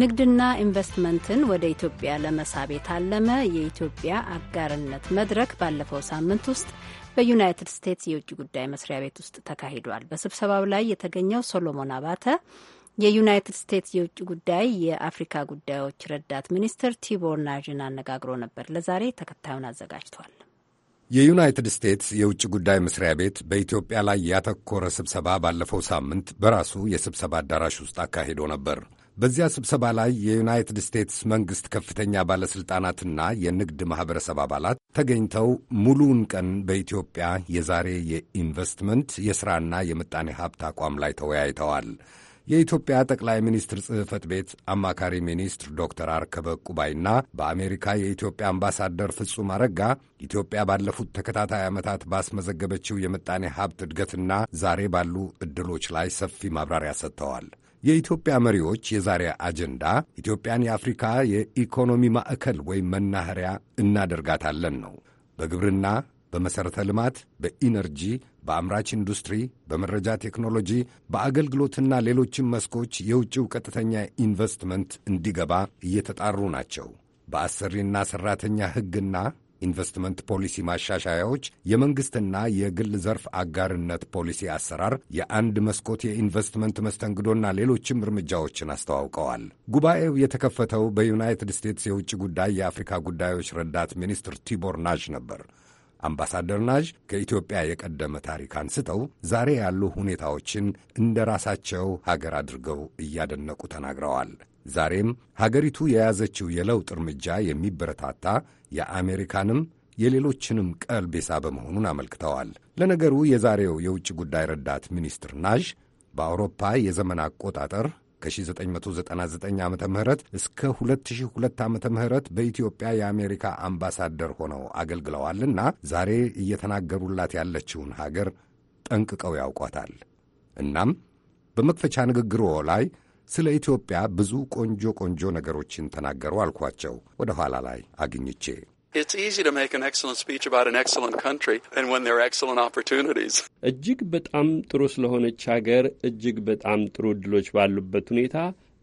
ንግድና ኢንቨስትመንትን ወደ ኢትዮጵያ ለመሳብ የታለመ የኢትዮጵያ አጋርነት መድረክ ባለፈው ሳምንት ውስጥ በዩናይትድ ስቴትስ የውጭ ጉዳይ መስሪያ ቤት ውስጥ ተካሂዷል። በስብሰባው ላይ የተገኘው ሶሎሞን አባተ የዩናይትድ ስቴትስ የውጭ ጉዳይ የአፍሪካ ጉዳዮች ረዳት ሚኒስትር ቲቦር ናዥን አነጋግሮ ነበር። ለዛሬ ተከታዩን አዘጋጅቷል። የዩናይትድ ስቴትስ የውጭ ጉዳይ መስሪያ ቤት በኢትዮጵያ ላይ ያተኮረ ስብሰባ ባለፈው ሳምንት በራሱ የስብሰባ አዳራሽ ውስጥ አካሂዶ ነበር። በዚያ ስብሰባ ላይ የዩናይትድ ስቴትስ መንግሥት ከፍተኛ ባለሥልጣናትና የንግድ ማኅበረሰብ አባላት ተገኝተው ሙሉውን ቀን በኢትዮጵያ የዛሬ የኢንቨስትመንት የሥራና የምጣኔ ሀብት አቋም ላይ ተወያይተዋል። የኢትዮጵያ ጠቅላይ ሚኒስትር ጽሕፈት ቤት አማካሪ ሚኒስትር ዶክተር አርከበ ቁባይና በአሜሪካ የኢትዮጵያ አምባሳደር ፍጹም አረጋ ኢትዮጵያ ባለፉት ተከታታይ ዓመታት ባስመዘገበችው የምጣኔ ሀብት እድገትና ዛሬ ባሉ ዕድሎች ላይ ሰፊ ማብራሪያ ሰጥተዋል። የኢትዮጵያ መሪዎች የዛሬ አጀንዳ ኢትዮጵያን የአፍሪካ የኢኮኖሚ ማዕከል ወይም መናኸሪያ እናደርጋታለን ነው። በግብርና፣ በመሠረተ ልማት፣ በኢነርጂ፣ በአምራች ኢንዱስትሪ፣ በመረጃ ቴክኖሎጂ፣ በአገልግሎትና ሌሎችም መስኮች የውጭው ቀጥተኛ ኢንቨስትመንት እንዲገባ እየተጣሩ ናቸው። በአሰሪና ሠራተኛ ሕግና ኢንቨስትመንት ፖሊሲ ማሻሻያዎች፣ የመንግሥትና የግል ዘርፍ አጋርነት ፖሊሲ አሰራር፣ የአንድ መስኮት የኢንቨስትመንት መስተንግዶና ሌሎችም እርምጃዎችን አስተዋውቀዋል። ጉባኤው የተከፈተው በዩናይትድ ስቴትስ የውጭ ጉዳይ የአፍሪካ ጉዳዮች ረዳት ሚኒስትር ቲቦር ናዥ ነበር። አምባሳደር ናዥ ከኢትዮጵያ የቀደመ ታሪክ አንስተው ዛሬ ያሉ ሁኔታዎችን እንደ ራሳቸው ሀገር አድርገው እያደነቁ ተናግረዋል። ዛሬም ሀገሪቱ የያዘችው የለውጥ እርምጃ የሚበረታታ የአሜሪካንም የሌሎችንም ቀልብ የሳበ መሆኑን አመልክተዋል። ለነገሩ የዛሬው የውጭ ጉዳይ ረዳት ሚኒስትር ናዥ በአውሮፓ የዘመን አቆጣጠር ከ1999 ዓ ም እስከ 2002 ዓ ም በኢትዮጵያ የአሜሪካ አምባሳደር ሆነው አገልግለዋልና ዛሬ እየተናገሩላት ያለችውን ሀገር ጠንቅቀው ያውቋታል። እናም በመክፈቻ ንግግሮ ላይ ስለ ኢትዮጵያ ብዙ ቆንጆ ቆንጆ ነገሮችን ተናገሩ አልኳቸው ወደ ኋላ ላይ አግኝቼ። እጅግ በጣም ጥሩ ስለሆነች ሀገር እጅግ በጣም ጥሩ ዕድሎች ባሉበት ሁኔታ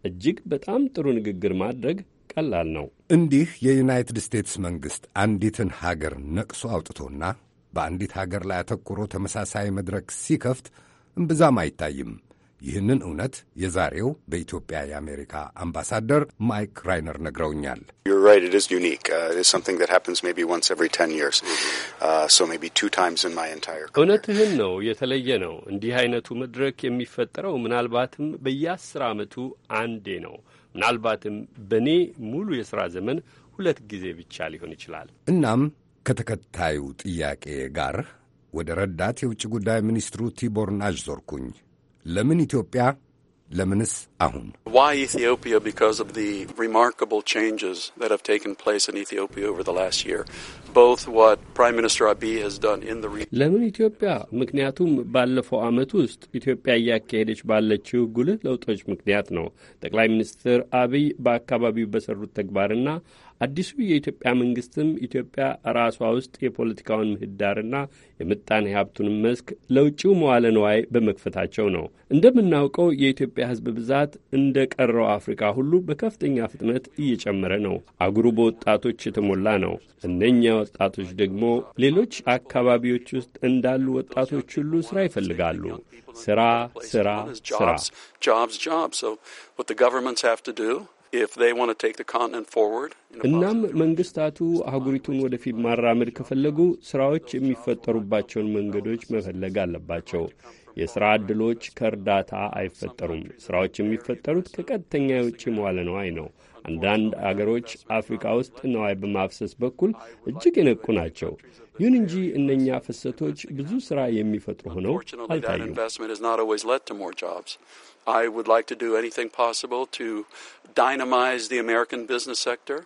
እጅግ በጣም ጥሩ ንግግር ማድረግ ቀላል ነው። እንዲህ የዩናይትድ ስቴትስ መንግሥት አንዲትን ሀገር ነቅሶ አውጥቶና በአንዲት ሀገር ላይ አተኩሮ ተመሳሳይ መድረክ ሲከፍት እምብዛም አይታይም። ይህንን እውነት የዛሬው በኢትዮጵያ የአሜሪካ አምባሳደር ማይክ ራይነር ነግረውኛል። uh, mm-hmm. uh, እውነትህን ነው፣ የተለየ ነው። እንዲህ አይነቱ መድረክ የሚፈጠረው ምናልባትም በየአስር ዓመቱ አንዴ ነው። ምናልባትም በእኔ ሙሉ የሥራ ዘመን ሁለት ጊዜ ብቻ ሊሆን ይችላል። እናም ከተከታዩ ጥያቄ ጋር ወደ ረዳት የውጭ ጉዳይ ሚኒስትሩ ቲቦር ናዥ ዞርኩኝ። ለምን ኢትዮጵያ? ለምንስ አሁን? ለምን ኢትዮጵያ? ምክንያቱም ባለፈው ዓመት ውስጥ ኢትዮጵያ እያካሄደች ባለችው ጉልህ ለውጦች ምክንያት ነው። ጠቅላይ ሚኒስትር አብይ በአካባቢው በሰሩት ተግባርና አዲሱ የኢትዮጵያ መንግስትም ኢትዮጵያ ራሷ ውስጥ የፖለቲካውን ምህዳርና የምጣኔ ሀብቱንም መስክ ለውጭው መዋለ ንዋይ በመክፈታቸው ነው። እንደምናውቀው የኢትዮጵያ ሕዝብ ብዛት እንደ ቀረው አፍሪካ ሁሉ በከፍተኛ ፍጥነት እየጨመረ ነው። አጉሩ በወጣቶች የተሞላ ነው። እነኛ ወጣቶች ደግሞ ሌሎች አካባቢዎች ውስጥ እንዳሉ ወጣቶች ሁሉ ስራ ይፈልጋሉ። ስራ፣ ስራ፣ ስራ እናም መንግስታቱ አህጉሪቱን ወደፊት ማራመድ ከፈለጉ ስራዎች የሚፈጠሩባቸውን መንገዶች መፈለግ አለባቸው። የሥራ ዕድሎች ከእርዳታ አይፈጠሩም። ሥራዎች የሚፈጠሩት ከቀጥተኛ የውጭ መዋለ ነዋይ ነው። አንዳንድ አገሮች አፍሪካ ውስጥ ነዋይ በማፍሰስ በኩል እጅግ የነቁ ናቸው። ይሁን እንጂ እነኛ ፍሰቶች ብዙ ሥራ የሚፈጥሩ ሆነው አልታዩም። I would like to do anything possible to dynamize the American business sector.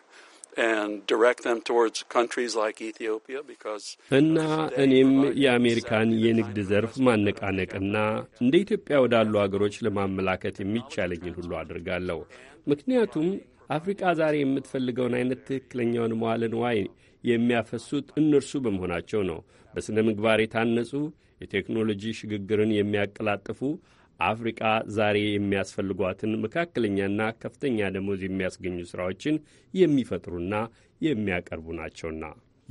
እና እኔም የአሜሪካን የንግድ ዘርፍ ማነቃነቅና እንደ ኢትዮጵያ ወዳሉ አገሮች ለማመላከት የሚቻለኝን ሁሉ አድርጋለሁ። ምክንያቱም አፍሪቃ ዛሬ የምትፈልገውን አይነት ትክክለኛውን መዋለ ንዋይ የሚያፈሱት እነርሱ በመሆናቸው ነው። በሥነ ምግባር የታነጹ የቴክኖሎጂ ሽግግርን የሚያቀላጥፉ አፍሪቃ ዛሬ የሚያስፈልጓትን መካከለኛና ከፍተኛ ደሞዝ የሚያስገኙ ሥራዎችን የሚፈጥሩና የሚያቀርቡ ናቸውና።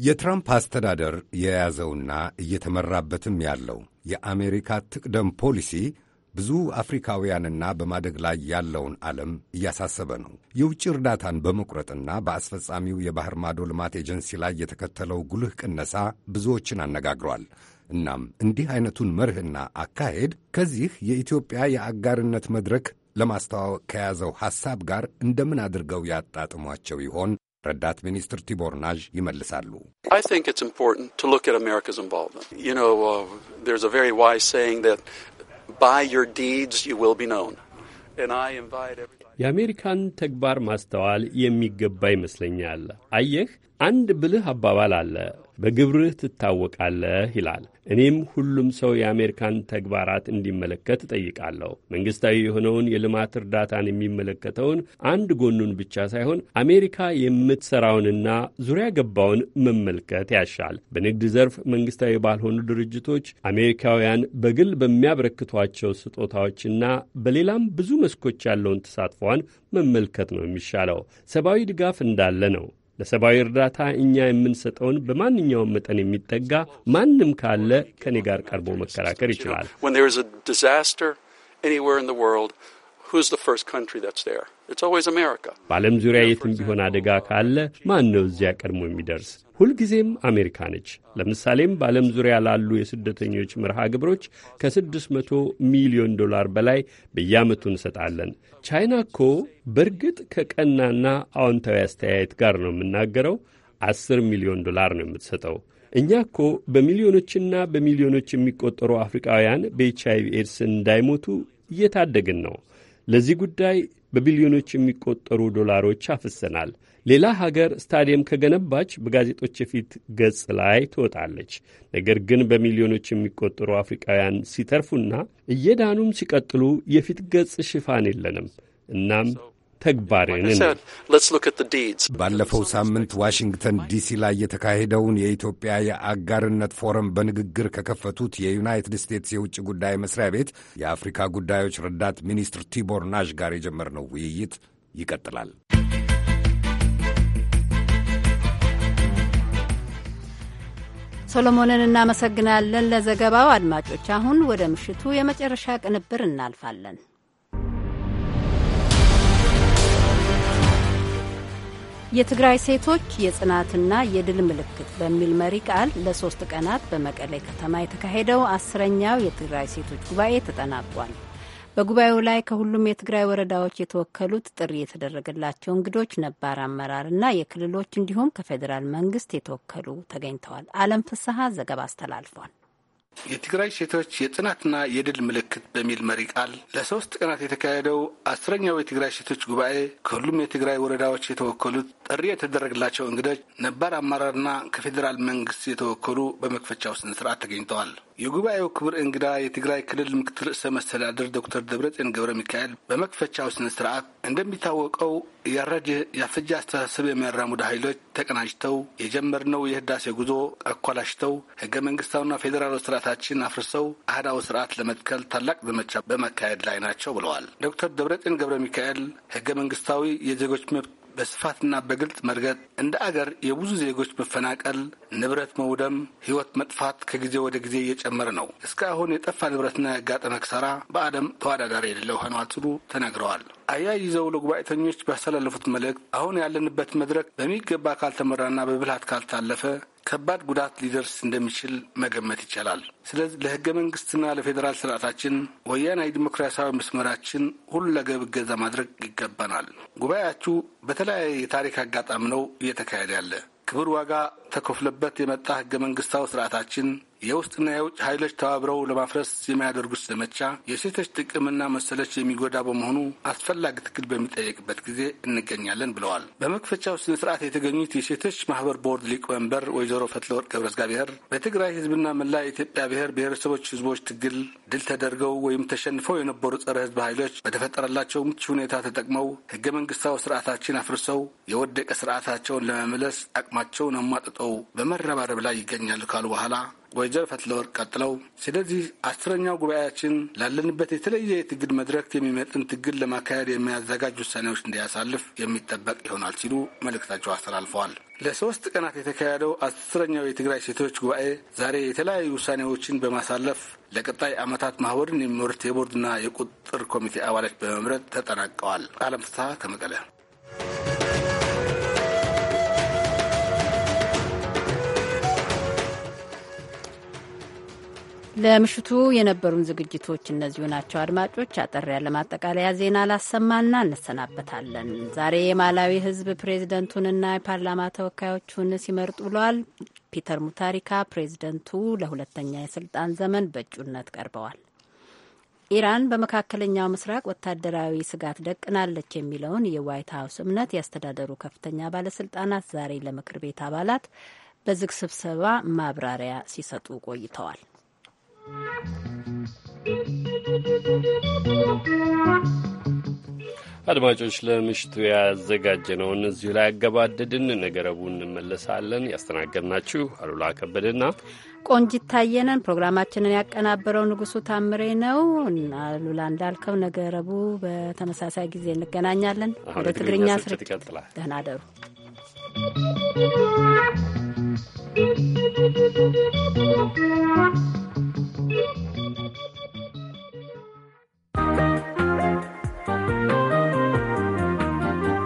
የትራምፕ አስተዳደር የያዘውና እየተመራበትም ያለው የአሜሪካ ትቅደም ፖሊሲ ብዙ አፍሪካውያንና በማደግ ላይ ያለውን ዓለም እያሳሰበ ነው። የውጭ እርዳታን በመቁረጥና በአስፈጻሚው የባህር ማዶ ልማት ኤጀንሲ ላይ የተከተለው ጉልህ ቅነሳ ብዙዎችን አነጋግሯል። እናም እንዲህ አይነቱን መርህና አካሄድ ከዚህ የኢትዮጵያ የአጋርነት መድረክ ለማስተዋወቅ ከያዘው ሐሳብ ጋር እንደምን አድርገው ያጣጥሟቸው ይሆን? ረዳት ሚኒስትር ቲቦር ናዥ ይመልሳሉ። uh, የአሜሪካን ተግባር ማስተዋል የሚገባ ይመስለኛል። አየህ፣ አንድ ብልህ አባባል አለ፣ በግብርህ ትታወቃለህ ይላል። እኔም ሁሉም ሰው የአሜሪካን ተግባራት እንዲመለከት እጠይቃለሁ። መንግሥታዊ የሆነውን የልማት እርዳታን የሚመለከተውን አንድ ጎኑን ብቻ ሳይሆን አሜሪካ የምትሠራውንና ዙሪያ ገባውን መመልከት ያሻል። በንግድ ዘርፍ መንግሥታዊ ባልሆኑ ድርጅቶች አሜሪካውያን በግል በሚያበረክቷቸው ስጦታዎችና በሌላም ብዙ መስኮች ያለውን ተሳትፏን መመልከት ነው የሚሻለው። ሰብአዊ ድጋፍ እንዳለ ነው ለሰብአዊ እርዳታ እኛ የምንሰጠውን በማንኛውም መጠን የሚጠጋ ማንም ካለ ከእኔ ጋር ቀርቦ መከራከር ይችላል። በዓለም ዙሪያ የትም ቢሆን አደጋ ካለ ማን ነው እዚያ ቀድሞ የሚደርስ? ሁልጊዜም አሜሪካ ነች። ለምሳሌም በዓለም ዙሪያ ላሉ የስደተኞች መርሃ ግብሮች ከ600 ሚሊዮን ዶላር በላይ በየዓመቱ እንሰጣለን። ቻይና እኮ በእርግጥ ከቀናና አዎንታዊ አስተያየት ጋር ነው የምናገረው፣ 10 ሚሊዮን ዶላር ነው የምትሰጠው። እኛ እኮ በሚሊዮኖችና በሚሊዮኖች የሚቆጠሩ አፍሪካውያን በኤች አይ ቪ ኤድስ እንዳይሞቱ እየታደግን ነው። ለዚህ ጉዳይ በቢሊዮኖች የሚቆጠሩ ዶላሮች አፍሰናል። ሌላ ሀገር ስታዲየም ከገነባች በጋዜጦች የፊት ገጽ ላይ ትወጣለች። ነገር ግን በሚሊዮኖች የሚቆጠሩ አፍሪካውያን ሲተርፉና እየዳኑም ሲቀጥሉ የፊት ገጽ ሽፋን የለንም። እናም ተግባርን ባለፈው ሳምንት ዋሽንግተን ዲሲ ላይ የተካሄደውን የኢትዮጵያ የአጋርነት ፎረም በንግግር ከከፈቱት የዩናይትድ ስቴትስ የውጭ ጉዳይ መስሪያ ቤት የአፍሪካ ጉዳዮች ረዳት ሚኒስትር ቲቦር ናሽ ጋር የጀመርነው ውይይት ይቀጥላል። ሶሎሞንን እናመሰግናለን ለዘገባው። አድማጮች፣ አሁን ወደ ምሽቱ የመጨረሻ ቅንብር እናልፋለን። የትግራይ ሴቶች የጽናትና የድል ምልክት በሚል መሪ ቃል ለሶስት ቀናት በመቀሌ ከተማ የተካሄደው አስረኛው የትግራይ ሴቶች ጉባኤ ተጠናቋል። በጉባኤው ላይ ከሁሉም የትግራይ ወረዳዎች የተወከሉት ጥሪ የተደረገላቸው እንግዶች፣ ነባር አመራርና የክልሎች እንዲሁም ከፌዴራል መንግስት የተወከሉ ተገኝተዋል። አለም ፍስሀ ዘገባ አስተላልፏል። የትግራይ ሴቶች የጽናትና የድል ምልክት በሚል መሪ ቃል ለሶስት ቀናት የተካሄደው አስረኛው የትግራይ ሴቶች ጉባኤ ከሁሉም የትግራይ ወረዳዎች የተወከሉት ጥሪ የተደረገላቸው እንግዶች ነባር አመራርና ከፌዴራል መንግስት የተወከሉ በመክፈቻው ስነ ስርዓት ተገኝተዋል። የጉባኤው ክቡር እንግዳ የትግራይ ክልል ምክትል ርዕሰ መስተዳድር ዶክተር ደብረጽዮን ገብረ ሚካኤል በመክፈቻው ስነ ስርዓት እንደሚታወቀው ያረጀ ያፈጀ አስተሳሰብ የሚያራሙዱ ኃይሎች ተቀናጅተው የጀመርነው የህዳሴ ጉዞ አኳላሽተው ህገ መንግስታዊና ፌዴራላዊ ስርዓታችን አፍርሰው አህዳዊ ስርዓት ለመትከል ታላቅ ዘመቻ በመካሄድ ላይ ናቸው ብለዋል። ዶክተር ደብረጽዮን ገብረ ሚካኤል ህገ መንግስታዊ የዜጎች መብት በስፋትና በግልጽ መርገጥ፣ እንደ አገር የብዙ ዜጎች መፈናቀል፣ ንብረት መውደም፣ ህይወት መጥፋት ከጊዜ ወደ ጊዜ እየጨመረ ነው። እስካሁን የጠፋ ንብረትና ያጋጠመ ክሳራ በዓለም ተወዳዳሪ የሌለው ሆኗል ሲሉ ተናግረዋል። አያይዘው ለጉባኤተኞች ባስተላለፉት መልእክት አሁን ያለንበት መድረክ በሚገባ ካልተመራና በብልሃት ካልታለፈ ከባድ ጉዳት ሊደርስ እንደሚችል መገመት ይቻላል። ስለዚህ ለህገ መንግስትና ለፌዴራል ስርዓታችን ወያናዊ ዲሞክራሲያዊ መስመራችን ሁለገብ እገዛ ማድረግ ይገባናል። ጉባኤያችሁ በተለያየ የታሪክ አጋጣሚ ነው እየተካሄደ ያለ ክብር ዋጋ ተኮፍለበት የመጣ ህገ መንግስታዊ ስርዓታችን የውስጥና የውጭ ኃይሎች ተባብረው ለማፍረስ የሚያደርጉት ዘመቻ የሴቶች ጥቅምና መሰለች የሚጎዳ በመሆኑ አስፈላጊ ትግል በሚጠየቅበት ጊዜ እንገኛለን ብለዋል። በመክፈቻው ስነ ስርዓት የተገኙት የሴቶች ማህበር ቦርድ ሊቀመንበር ወይዘሮ ፈትለወርቅ ገብረእግዚአብሔር በትግራይ ህዝብና መላ የኢትዮጵያ ብሔር ብሔረሰቦች ህዝቦች ትግል ድል ተደርገው ወይም ተሸንፈው የነበሩ ጸረ ህዝብ ኃይሎች በተፈጠረላቸው ምቹ ሁኔታ ተጠቅመው ህገ መንግስታዊ ስርዓታችን አፍርሰው የወደቀ ስርዓታቸውን ለመመለስ አቅማቸውን አሟጥጦ ተጠናቀው በመረባረብ ላይ ይገኛል ካሉ በኋላ ወይዘር ፈትለወርቅ ቀጥለው ስለዚህ አስረኛው ጉባኤያችን ላለንበት የተለየ የትግል መድረክ የሚመጥን ትግል ለማካሄድ የሚያዘጋጅ ውሳኔዎች እንዲያሳልፍ የሚጠበቅ ይሆናል ሲሉ መልእክታቸው አስተላልፈዋል። ለሶስት ቀናት የተካሄደው አስረኛው የትግራይ ሴቶች ጉባኤ ዛሬ የተለያዩ ውሳኔዎችን በማሳለፍ ለቀጣይ ዓመታት ማህበርን የሚመሩት የቦርድና የቁጥጥር ኮሚቴ አባላት በመምረጥ ተጠናቀዋል። አለም ከመቀለ ለምሽቱ የነበሩን ዝግጅቶች እነዚሁ ናቸው። አድማጮች፣ አጠር ያለ ማጠቃለያ ዜና ላሰማና እንሰናበታለን። ዛሬ የማላዊ ሕዝብ ፕሬዝደንቱንና የፓርላማ ተወካዮቹን ሲመርጡ ውሏል። ፒተር ሙታሪካ ፕሬዝደንቱ ለሁለተኛ የስልጣን ዘመን በእጩነት ቀርበዋል። ኢራን በመካከለኛው ምስራቅ ወታደራዊ ስጋት ደቅናለች የሚለውን የዋይት ሀውስ እምነት ያስተዳደሩ ከፍተኛ ባለስልጣናት ዛሬ ለምክር ቤት አባላት በዝግ ስብሰባ ማብራሪያ ሲሰጡ ቆይተዋል። አድማጮች ለምሽቱ ያዘጋጀነውን እዚሁ ላይ ያገባደድን። ነገረቡ ረቡዕ እንመለሳለን። ያስተናገድናችሁ አሉላ ከበደና ቆንጂት ታየነን። ፕሮግራማችንን ያቀናበረው ንጉሱ ታምሬ ነው። አሉላ እንዳልከው ነገረቡ በተመሳሳይ ጊዜ እንገናኛለን። ወደ ትግርኛ ስርጭት ይቀጥላል። ደህና Thank you.